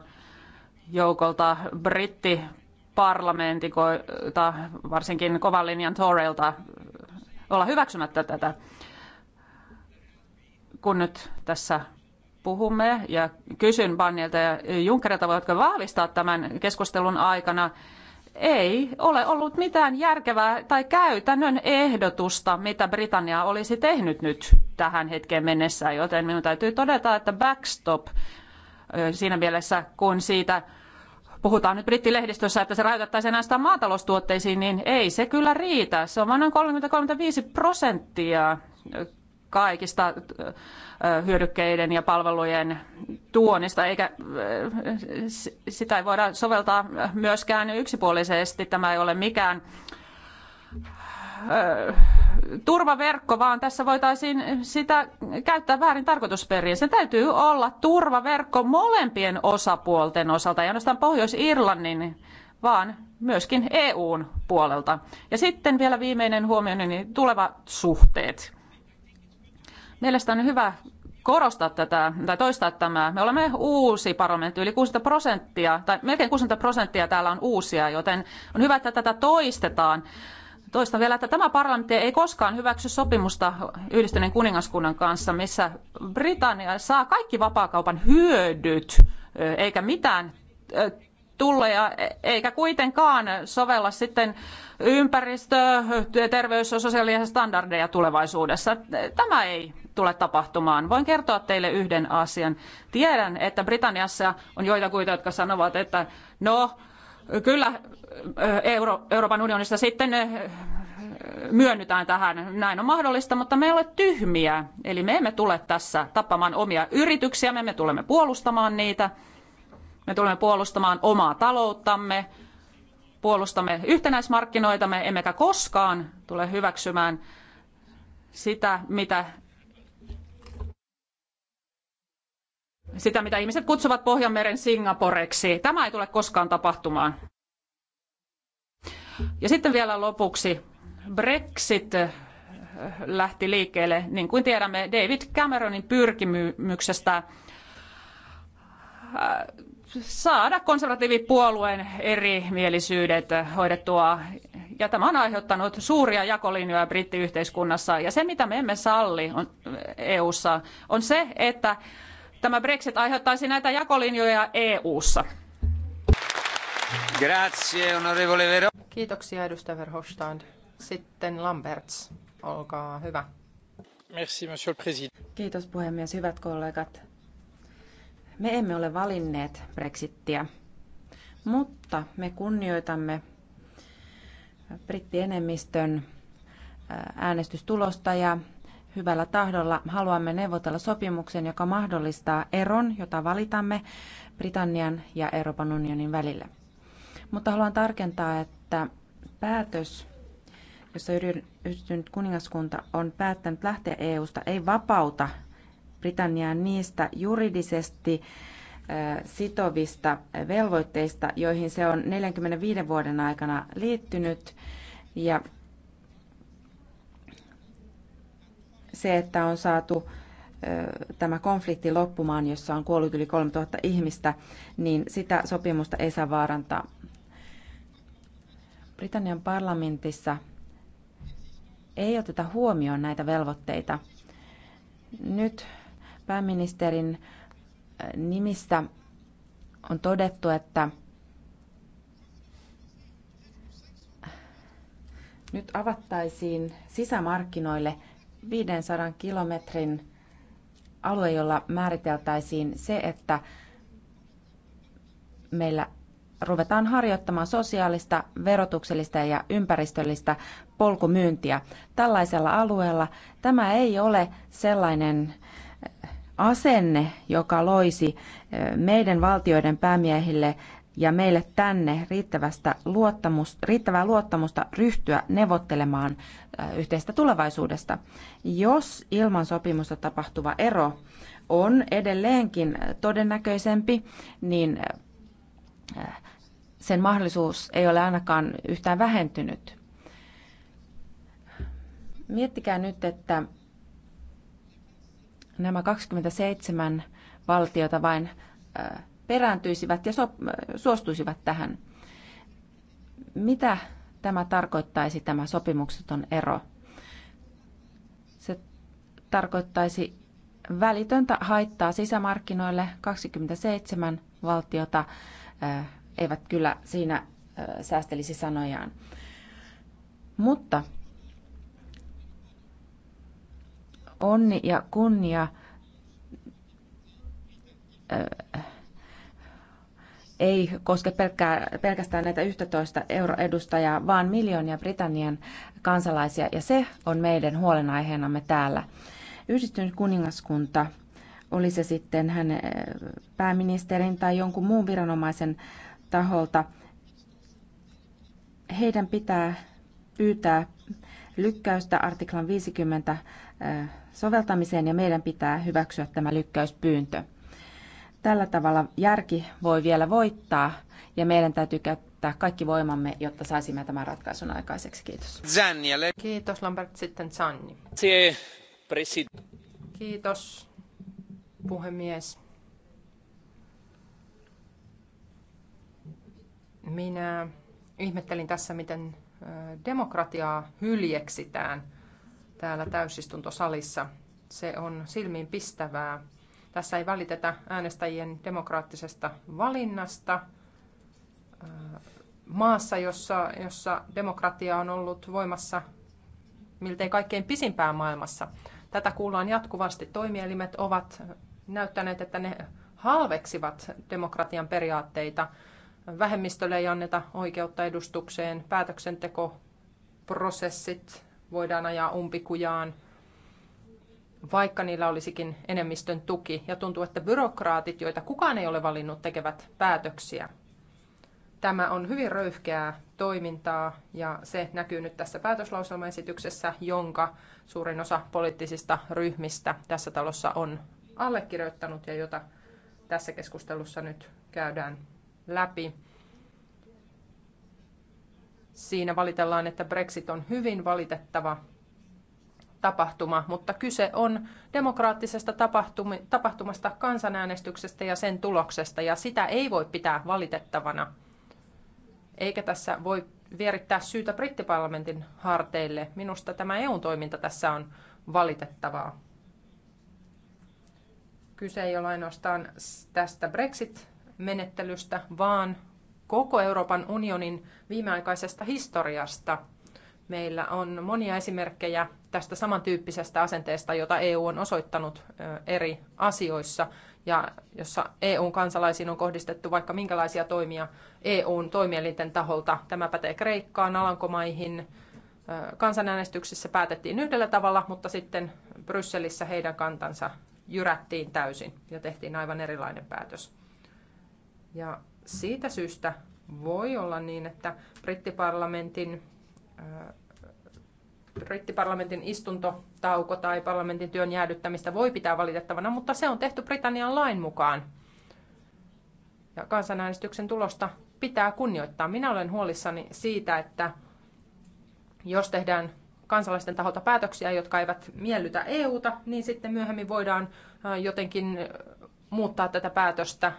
joukolta britti parlamentikoita, varsinkin kovan linjan Toreilta, olla hyväksymättä tätä. Kun nyt tässä puhumme ja kysyn Bannilta ja Junckerilta, voitko vahvistaa tämän keskustelun aikana, ei ole ollut mitään järkevää tai käytännön ehdotusta, mitä Britannia olisi tehnyt nyt tähän hetkeen mennessä, joten minun täytyy todeta, että backstop siinä mielessä, kun siitä puhutaan nyt brittilehdistössä, että se rajoitettaisiin näistä maataloustuotteisiin, niin ei se kyllä riitä. Se on vain noin 30-35 prosenttia kaikista äh, hyödykkeiden ja palvelujen tuonnista, eikä äh, sitä ei voida soveltaa myöskään yksipuolisesti. Tämä ei ole mikään äh, turvaverkko, vaan tässä voitaisiin sitä käyttää väärin tarkoitusperiin. Sen täytyy olla turvaverkko molempien osapuolten osalta, ei ainoastaan Pohjois-Irlannin, vaan myöskin EUn puolelta. Ja sitten vielä viimeinen huomio, niin tulevat suhteet. Mielestäni on hyvä korostaa tätä tai toistaa tämä. Me olemme uusi parlamentti, yli 60 prosenttia, tai melkein 60 prosenttia täällä on uusia, joten on hyvä, että tätä toistetaan. Toistan vielä, että tämä parlamentti ei koskaan hyväksy sopimusta yhdistyneen kuningaskunnan kanssa, missä Britannia saa kaikki vapaakaupan hyödyt, eikä mitään tulleja, eikä kuitenkaan sovella sitten ympäristö, terveys- ja sosiaalisia standardeja tulevaisuudessa. Tämä ei tule tapahtumaan. Voin kertoa teille yhden asian. Tiedän, että Britanniassa on joitakuita, jotka sanovat, että no, kyllä eh, Euro Euroopan unionista sitten eh, myönnytään tähän. Näin on mahdollista, mutta me ei ole tyhmiä. Eli me emme tule tässä tappamaan omia yrityksiä, me tulemme puolustamaan niitä. Me tulemme puolustamaan omaa talouttamme, puolustamme yhtenäismarkkinoitamme, emmekä koskaan tule hyväksymään sitä, mitä sitä, mitä ihmiset kutsuvat Pohjanmeren Singaporeksi. Tämä ei tule koskaan tapahtumaan. Ja sitten vielä lopuksi. Brexit äh, lähti liikkeelle, niin kuin tiedämme, David Cameronin pyrkimyksestä äh, saada konservatiivipuolueen erimielisyydet äh, hoidettua. Ja tämä on aiheuttanut suuria jakolinjoja brittiyhteiskunnassa. Ja se, mitä me emme salli on, EUssa, on se, että tämä Brexit aiheuttaisi näitä jakolinjoja EU-ssa. Grazie, onorevole Vero. Kiitoksia, edustaja Verhofstadt. Sitten Lamberts, olkaa hyvä. Merci, monsieur le président. Kiitos puhemies, hyvät kollegat. Me emme ole valinneet Brexittiä, mutta me kunnioitamme brittienemmistön äänestystulosta ja hyvällä tahdolla haluamme neuvotella sopimuksen, joka mahdollistaa eron, jota valitamme Britannian ja Euroopan unionin välillä. Mutta haluan tarkentaa, että päätös, jossa yhdistynyt kuningaskunta on päättänyt lähteä EUsta, ei vapauta Britanniaa niistä juridisesti sitovista velvoitteista, joihin se on 45 vuoden aikana liittynyt. Ja se, että on saatu tämä konflikti loppumaan, jossa on kuollut yli 3000 ihmistä, niin sitä sopimusta ei saa vaarantaa. Britannian parlamentissa ei oteta huomioon näitä velvoitteita. Nyt pääministerin nimissä on todettu, että nyt avattaisiin sisämarkkinoille – 500 kilometrin alue, jolla määriteltäisiin se, että meillä ruvetaan harjoittamaan sosiaalista, verotuksellista ja ympäristöllistä polkumyyntiä tällaisella alueella. Tämä ei ole sellainen eh, asenne, joka loisi eh, meidän valtioiden päämiehille ja meille tänne riittävästä luottamus, riittävää luottamusta ryhtyä neuvottelemaan äh, yhteistä tulevaisuudesta. Jos ilman sopimusta tapahtuva ero on edelleenkin todennäköisempi, niin äh, sen mahdollisuus ei ole ainakaan yhtään vähentynyt. Miettikää nyt, että nämä 27 valtiota vain äh, perääntyisivät ja suostuisivat tähän. Mitä tämä tarkoittaisi, tämä sopimukseton ero? Se tarkoittaisi välitöntä haittaa sisämarkkinoille 27 valtiota eh, eivät kyllä siinä eh, säästelisi sanojaan. Mutta onni ja kunnia eh, ei koske pelkkää, pelkästään näitä 11 euroedustajaa, vaan miljoonia Britannian kansalaisia, ja se on meidän huolenaiheenamme täällä. Yhdistynyt kuningaskunta, oli se sitten hänen eh, pääministerin tai jonkun muun viranomaisen taholta, heidän pitää pyytää lykkäystä artiklan 50 eh, soveltamiseen ja meidän pitää hyväksyä tämä lykkäyspyyntö. Tällä tavalla järki voi vielä voittaa ja meidän täytyy käyttää kaikki voimamme, jotta saisimme tämän ratkaisun aikaiseksi. Kiitos. Zanjale. Kiitos Lambert. Sitten Zanni. Kiitos puhemies. Minä ihmettelin tässä, miten demokratiaa hyljeksitään täällä täysistuntosalissa. Se on silmiin pistävää. Tässä ei välitetä äänestäjien demokraattisesta valinnasta maassa, jossa, jossa demokratia on ollut voimassa miltei kaikkein pisimpään maailmassa. Tätä kuullaan jatkuvasti. Toimielimet ovat näyttäneet, että ne halveksivat demokratian periaatteita. Vähemmistölle ei anneta oikeutta edustukseen, päätöksentekoprosessit voidaan ajaa umpikujaan – vaikka niillä olisikin enemmistön tuki. Ja tuntuu, että byrokraatit, joita kukaan ei ole valinnut, tekevät päätöksiä. Tämä on hyvin röyhkeää toimintaa ja se näkyy nyt tässä päätöslauselmaesityksessä, jonka suurin osa poliittisista ryhmistä tässä talossa on allekirjoittanut ja jota tässä keskustelussa nyt käydään läpi. Siinä valitellaan, että Brexit on hyvin valitettava tapahtuma, mutta kyse on demokraattisesta tapahtumasta, kansanäänestyksestä ja sen tuloksesta, ja sitä ei voi pitää valitettavana. Eikä tässä voi vierittää syytä brittiparlamentin harteille. Minusta tämä EU-toiminta tässä on valitettavaa. Kyse ei ole ainoastaan tästä Brexit-menettelystä, vaan koko Euroopan unionin viimeaikaisesta historiasta – Meillä on monia esimerkkejä tästä samantyyppisestä asenteesta, jota EU on osoittanut eri asioissa ja jossa EUn kansalaisiin on kohdistettu vaikka minkälaisia toimia EUn toimielinten taholta. Tämä pätee Kreikkaan, Alankomaihin. Kansanäänestyksissä päätettiin yhdellä tavalla, mutta sitten Brysselissä heidän kantansa jyrättiin täysin ja tehtiin aivan erilainen päätös. Ja siitä syystä voi olla niin, että brittiparlamentin brittiparlamentin istuntotauko tai parlamentin työn jäädyttämistä voi pitää valitettavana, mutta se on tehty Britannian lain mukaan. Ja kansanäänestyksen tulosta pitää kunnioittaa. Minä olen huolissani siitä, että jos tehdään kansalaisten taholta päätöksiä, jotka eivät miellytä EUta, niin sitten myöhemmin voidaan jotenkin muuttaa tätä päätöstä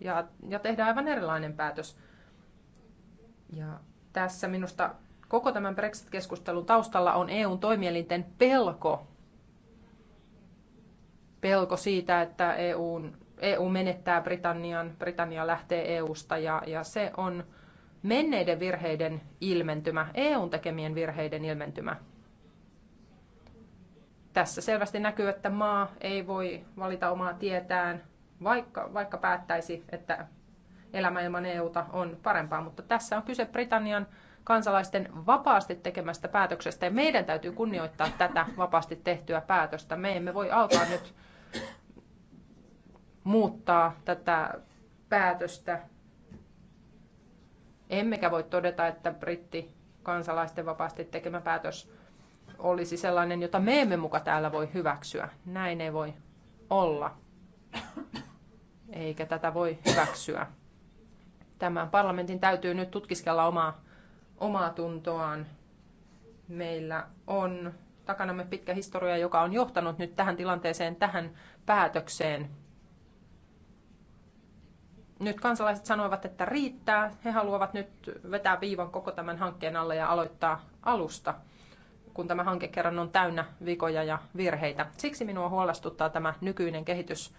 ja, ja tehdä aivan erilainen päätös. Ja tässä minusta koko tämän Brexit-keskustelun taustalla on EUn toimielinten pelko. Pelko siitä, että EUn, EU menettää Britannian, Britannia lähtee EUsta ja, ja se on menneiden virheiden ilmentymä, EUn tekemien virheiden ilmentymä. Tässä selvästi näkyy, että maa ei voi valita omaa tietään, vaikka, vaikka päättäisi, että elämä ilman EUta on parempaa, mutta tässä on kyse Britannian kansalaisten vapaasti tekemästä päätöksestä ja meidän täytyy kunnioittaa tätä vapaasti tehtyä päätöstä. Me emme voi alkaa nyt muuttaa tätä päätöstä. Emmekä voi todeta, että britti kansalaisten vapaasti tekemä päätös olisi sellainen, jota me emme muka täällä voi hyväksyä. Näin ei voi olla. Eikä tätä voi hyväksyä. Tämän parlamentin täytyy nyt tutkiskella omaa, omaa tuntoaan. Meillä on takanamme pitkä historia, joka on johtanut nyt tähän tilanteeseen, tähän päätökseen. Nyt kansalaiset sanoivat, että riittää. He haluavat nyt vetää viivan koko tämän hankkeen alle ja aloittaa alusta, kun tämä hanke kerran on täynnä vikoja ja virheitä. Siksi minua huolestuttaa tämä nykyinen kehitys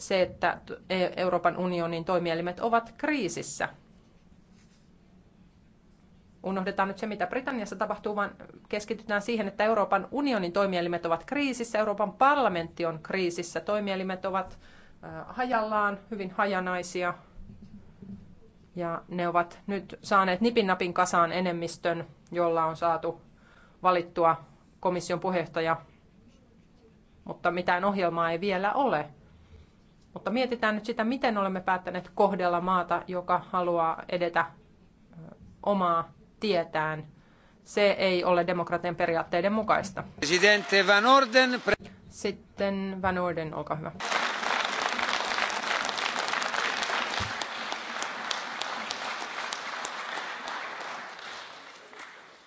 se, että e- Euroopan unionin toimielimet ovat kriisissä. Unohdetaan nyt se, mitä Britanniassa tapahtuu, vaan keskitytään siihen, että Euroopan unionin toimielimet ovat kriisissä, Euroopan parlamentti on kriisissä, toimielimet ovat hajallaan, hyvin hajanaisia, ja ne ovat nyt saaneet nipin napin kasaan enemmistön, jolla on saatu valittua komission puheenjohtaja, mutta mitään ohjelmaa ei vielä ole. Mutta mietitään nyt sitä, miten olemme päättäneet kohdella maata, joka haluaa edetä omaa tietään. Se ei ole demokratian periaatteiden mukaista. Presidente Van Orden. Sitten Van Orden, olkaa hyvä.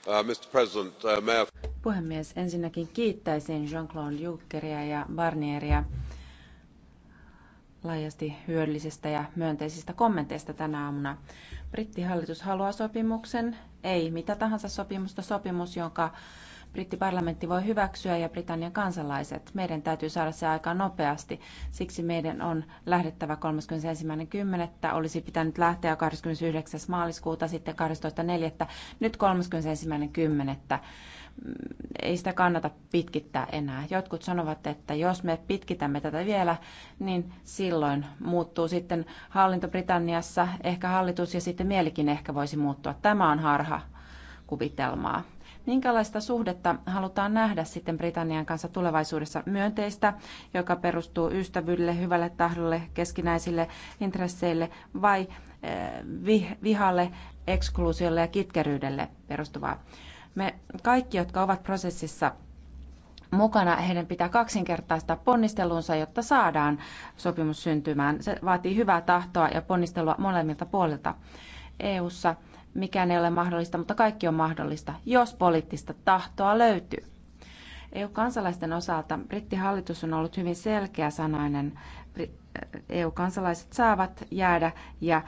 Uh, uh, Puhemies, ensinnäkin kiittäisin Jean-Claude Junckeria ja Barnieria laajasti hyödyllisistä ja myönteisistä kommenteista tänä aamuna. Brittihallitus haluaa sopimuksen, ei mitä tahansa sopimusta, sopimus, jonka brittiparlamentti voi hyväksyä ja Britannian kansalaiset. Meidän täytyy saada se aika nopeasti. Siksi meidän on lähdettävä 31.10. Olisi pitänyt lähteä 29. maaliskuuta, sitten 12.4. Nyt 31.10. Mm, ei sitä kannata pitkittää enää. Jotkut sanovat, että jos me pitkitämme tätä vielä, niin silloin muuttuu sitten hallinto Britanniassa, ehkä hallitus ja sitten mielikin ehkä voisi muuttua. Tämä on harha kuvitelmaa. Minkälaista suhdetta halutaan nähdä sitten Britannian kanssa tulevaisuudessa myönteistä, joka perustuu ystävyydelle, hyvälle tahdolle, keskinäisille intresseille vai eh, vihalle, eksklusiolle ja kitkeryydelle perustuvaa? Me kaikki, jotka ovat prosessissa mukana, heidän pitää kaksinkertaistaa ponnistelunsa, jotta saadaan sopimus syntymään. Se vaatii hyvää tahtoa ja ponnistelua molemmilta puolilta EU:ssa. Mikään ei ole mahdollista, mutta kaikki on mahdollista, jos poliittista tahtoa löytyy. EU-kansalaisten osalta brittihallitus on ollut hyvin selkeä sanainen. EU-kansalaiset saavat jäädä ja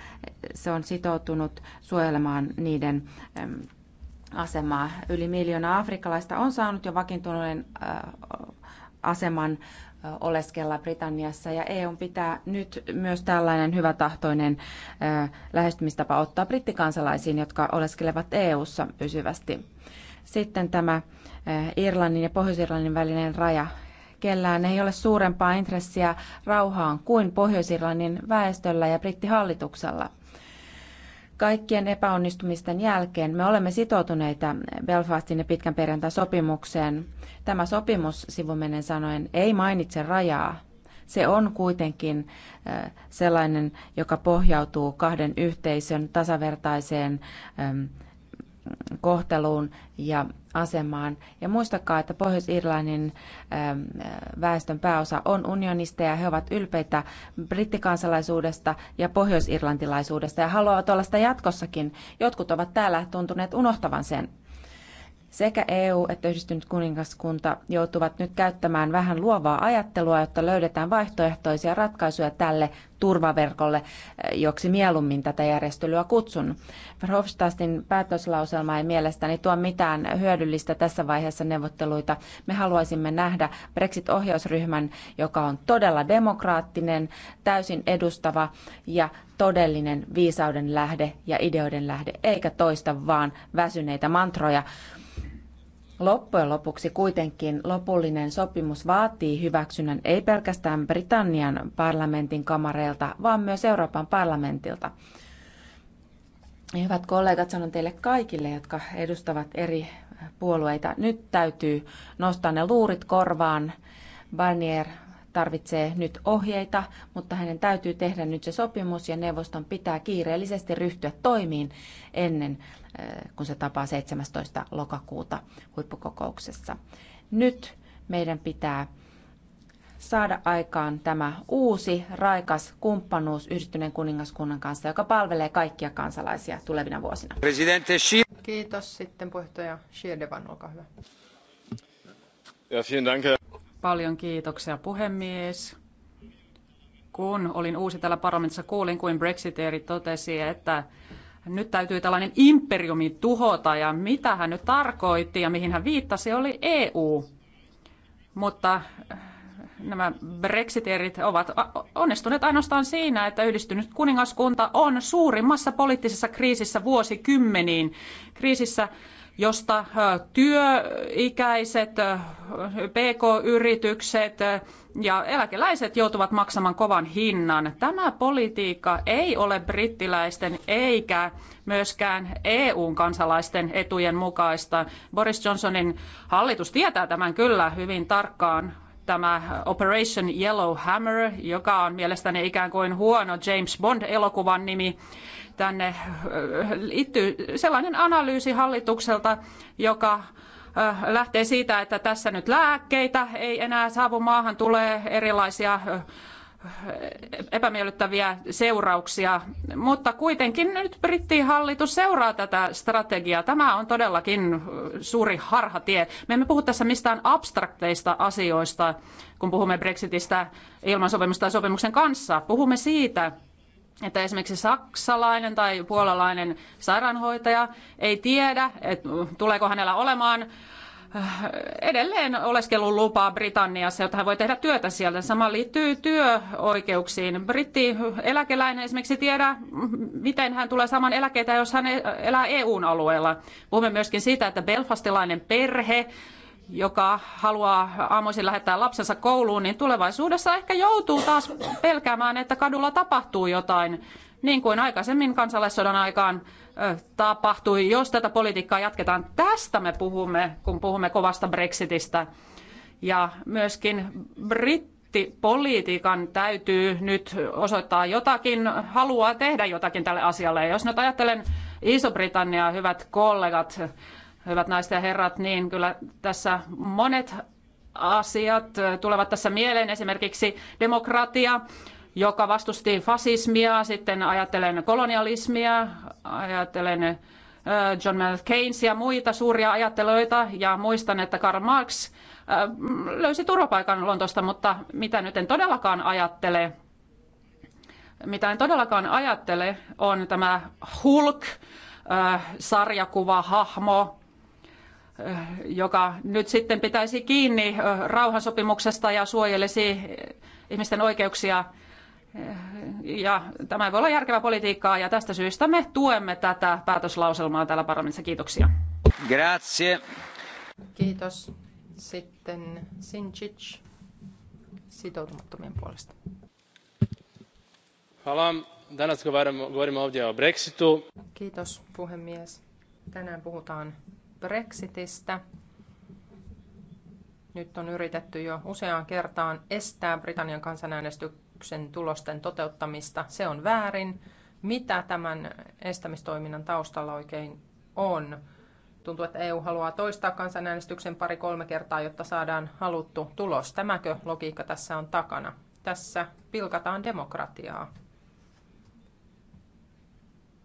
se on sitoutunut suojelemaan niiden asemaa. Yli miljoona afrikkalaista on saanut jo vakiintuneen äh, aseman äh, oleskella Britanniassa ja EU pitää nyt myös tällainen hyvätahtoinen äh, lähestymistapa ottaa brittikansalaisiin, jotka oleskelevat EU:ssa pysyvästi. Sitten tämä Irlannin ja Pohjois-Irlannin välinen raja. Kellään ei ole suurempaa intressiä rauhaan kuin Pohjois-Irlannin väestöllä ja brittihallituksella. Kaikkien epäonnistumisten jälkeen me olemme sitoutuneita Belfastin ja pitkän perjantain sopimukseen. Tämä sopimus, sivumenen sanoen, ei mainitse rajaa. Se on kuitenkin äh, sellainen, joka pohjautuu kahden yhteisön tasavertaiseen ähm, kohteluun ja asemaan. Ja muistakaa, että Pohjois-Irlannin ähm, väestön pääosa on unionista ja he ovat ylpeitä brittikansalaisuudesta ja pohjois-irlantilaisuudesta ja haluavat olla sitä jatkossakin. Jotkut ovat täällä tuntuneet unohtavan sen. Sekä EU että yhdistynyt kuningaskunta joutuvat nyt käyttämään vähän luovaa ajattelua, jotta löydetään vaihtoehtoisia ratkaisuja tälle turvaverkolle, eh, joksi mieluummin tätä järjestelyä kutsun. Verhofstadtin päätöslauselma ei mielestäni tuo mitään hyödyllistä tässä vaiheessa neuvotteluita. Me haluaisimme nähdä Brexit-ohjausryhmän, joka on todella demokraattinen, täysin edustava ja todellinen viisauden lähde ja ideoiden lähde, eikä toista vaan väsyneitä mantroja. Loppujen lopuksi kuitenkin lopullinen sopimus vaatii hyväksynnän ei pelkästään Britannian parlamentin kamareilta, vaan myös Euroopan parlamentilta. Hyvät kollegat, sanon teille kaikille, jotka edustavat eri puolueita, nyt täytyy nostaa ne luurit korvaan. Barnier tarvitsee nyt ohjeita, mutta hänen täytyy tehdä nyt se sopimus ja neuvoston pitää kiireellisesti ryhtyä toimiin ennen eh, kuin se tapaa 17. lokakuuta huippukokouksessa. Nyt meidän pitää saada aikaan tämä uusi, raikas kumppanuus yhdistyneen kuningaskunnan kanssa, joka palvelee kaikkia kansalaisia tulevina vuosina. Kiitos. Sitten puheenjohtaja Schirdevan, olkaa hyvä. Ja, vielen danke. Paljon kiitoksia puhemies. Kun olin uusi täällä parlamentissa, kuulin, kuin Brexiteeri totesi, että nyt täytyy tällainen imperiumi tuhota ja mitä hän nyt tarkoitti ja mihin hän viittasi oli EU. Mutta eh, nämä brexiteerit ovat onnistuneet ainoastaan siinä, että yhdistynyt kuningaskunta on suurimmassa poliittisessa kriisissä vuosikymmeniin. Kriisissä, josta työikäiset, pk-yritykset ja eläkeläiset joutuvat maksamaan kovan hinnan. Tämä politiikka ei ole brittiläisten eikä myöskään EUn kansalaisten etujen mukaista. Boris Johnsonin hallitus tietää tämän kyllä hyvin tarkkaan tämä Operation Yellow Hammer, joka on mielestäni ikään kuin huono James Bond-elokuvan nimi, tänne äh, liittyy sellainen analyysi hallitukselta, joka äh, lähtee siitä, että tässä nyt lääkkeitä ei enää saavu maahan, tulee erilaisia äh, epämiellyttäviä seurauksia, mutta kuitenkin nyt brittihallitus seuraa tätä strategiaa. Tämä on todellakin suuri harhatie. Me emme puhu tässä mistään abstrakteista asioista, kun puhumme Brexitistä ilman sopimusta tai sopimuksen kanssa. Puhumme siitä, että esimerkiksi saksalainen tai puolalainen sairaanhoitaja ei tiedä, että tuleeko hänellä olemaan edelleen oleskelulupaa Britanniassa, jotta hän voi tehdä työtä siellä. Sama liittyy työoikeuksiin. Britti eläkeläinen esimerkiksi tiedä, miten hän tulee saman eläkeitä, jos hän elää EUn alueella. Puhumme myöskin siitä, että belfastilainen perhe, joka haluaa aamuisin lähettää lapsensa kouluun, niin tulevaisuudessa ehkä joutuu taas pelkäämään, että kadulla tapahtuu jotain, niin kuin aikaisemmin kansalaissodan aikaan tapahtui, jos tätä politiikkaa jatketaan. Tästä me puhumme, kun puhumme kovasta Brexitistä. Ja myöskin brittipolitiikan täytyy nyt osoittaa jotakin, haluaa tehdä jotakin tälle asialle. Ja jos nyt ajattelen Iso-Britanniaa, hyvät kollegat, hyvät naiset ja herrat, niin kyllä tässä monet asiat tulevat tässä mieleen, esimerkiksi demokratia, joka vastusti fasismia, sitten ajattelen kolonialismia, ajattelen John Maynard Keynes ja muita suuria ajattelijoita ja muistan, että Karl Marx löysi turvapaikan Lontosta, mutta mitä nyt en todellakaan ajattele, mitä en todellakaan ajattele, on tämä Hulk, sarjakuva, hahmo, joka nyt sitten pitäisi kiinni rauhansopimuksesta ja suojelisi ihmisten oikeuksia. Ja tämä ei voi olla järkevää politiikkaa ja tästä syystä me tuemme tätä päätöslauselmaa täällä parlamentissa. Kiitoksia. Grazie. Kiitos. Sitten Sinčić sitoutumattomien puolesta. Hvala. Danas govorimo ovdje o Brexitu. Kiitos puhemies. Tänään puhutaan Brexitistä. Nyt on yritetty jo useaan kertaan estää Britannian kansanäänestyksen äänestyksen tulosten toteuttamista. Se on väärin. Mitä tämän estämistoiminnan taustalla oikein on? Tuntuu, että EU haluaa toistaa kansanäänestyksen pari-kolme kertaa, jotta saadaan haluttu tulos. Tämäkö logiikka tässä on takana? Tässä pilkataan demokratiaa.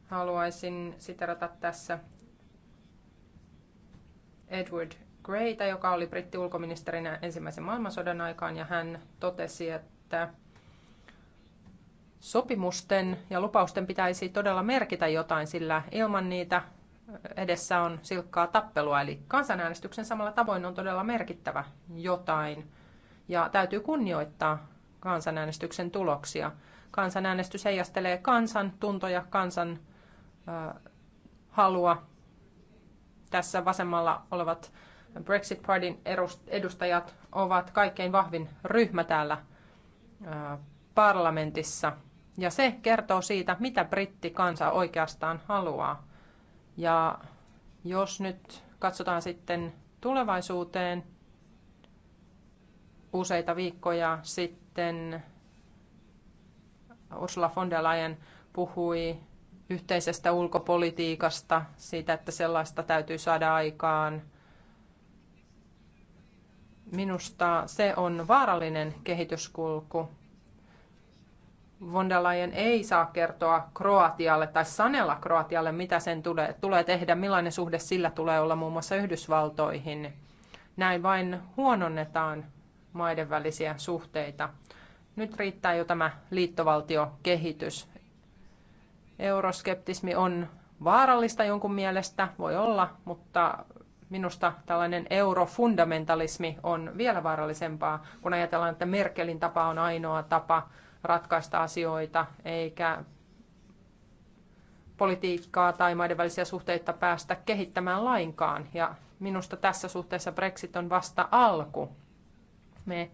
Haluaisin siterata tässä Edward Greytä, joka oli britti ulkoministerinä ensimmäisen maailmansodan aikaan, ja hän totesi, että Sopimusten ja lupausten pitäisi todella merkitä jotain, sillä ilman niitä edessä on silkkaa tappelua. Eli kansanäänestyksen samalla tavoin on todella merkittävä jotain. Ja täytyy kunnioittaa kansanäänestyksen tuloksia. Kansanäänestys heijastelee kansan tuntoja, kansan äh, halua. Tässä vasemmalla olevat Brexit Partyn edustajat ovat kaikkein vahvin ryhmä täällä äh, parlamentissa – ja se kertoo siitä, mitä brittikansa oikeastaan haluaa. Ja jos nyt katsotaan sitten tulevaisuuteen, useita viikkoja sitten Ursula von der Leyen puhui yhteisestä ulkopolitiikasta, siitä, että sellaista täytyy saada aikaan. Minusta se on vaarallinen kehityskulku von der Leyen ei saa kertoa Kroatialle tai sanella Kroatialle, mitä sen tulee, tulee tehdä, millainen suhde sillä tulee olla muun muassa Yhdysvaltoihin. Näin vain huononnetaan maiden välisiä suhteita. Nyt riittää jo tämä liittovaltiokehitys. Euroskeptismi on vaarallista jonkun mielestä, voi olla, mutta minusta tällainen eurofundamentalismi on vielä vaarallisempaa, kun ajatellaan, että Merkelin tapa on ainoa tapa ratkaista asioita, eikä politiikkaa tai maiden välisiä suhteita päästä kehittämään lainkaan. Ja minusta tässä suhteessa Brexit on vasta alku. Me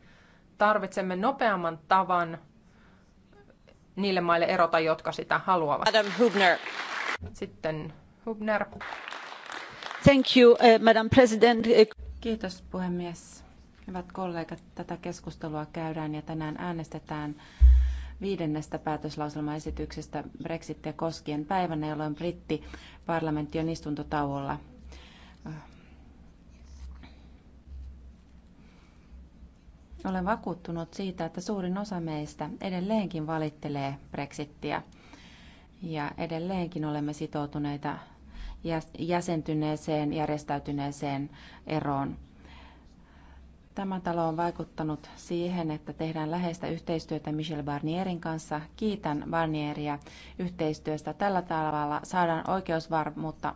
tarvitsemme nopeamman tavan niille maille erota, jotka sitä haluavat. Adam Hubner. Sitten Hubner. Thank you, uh, Madam President. Kiitos puhemies. Hyvät kollegat, tätä keskustelua käydään ja tänään äänestetään viidennestä päätöslauselmaesityksestä Brexitia koskien päivänä, jolloin britti parlamentti on istuntotauolla. Olen vakuuttunut siitä, että suurin osa meistä edelleenkin valittelee Brexittiä ja edelleenkin olemme sitoutuneita jäsentyneeseen, järjestäytyneeseen eroon Tämä talo on vaikuttanut siihen, että tehdään läheistä yhteistyötä Michel Barnierin kanssa. Kiitän Barnieria yhteistyöstä. Tällä tavalla saadaan oikeusvarmuutta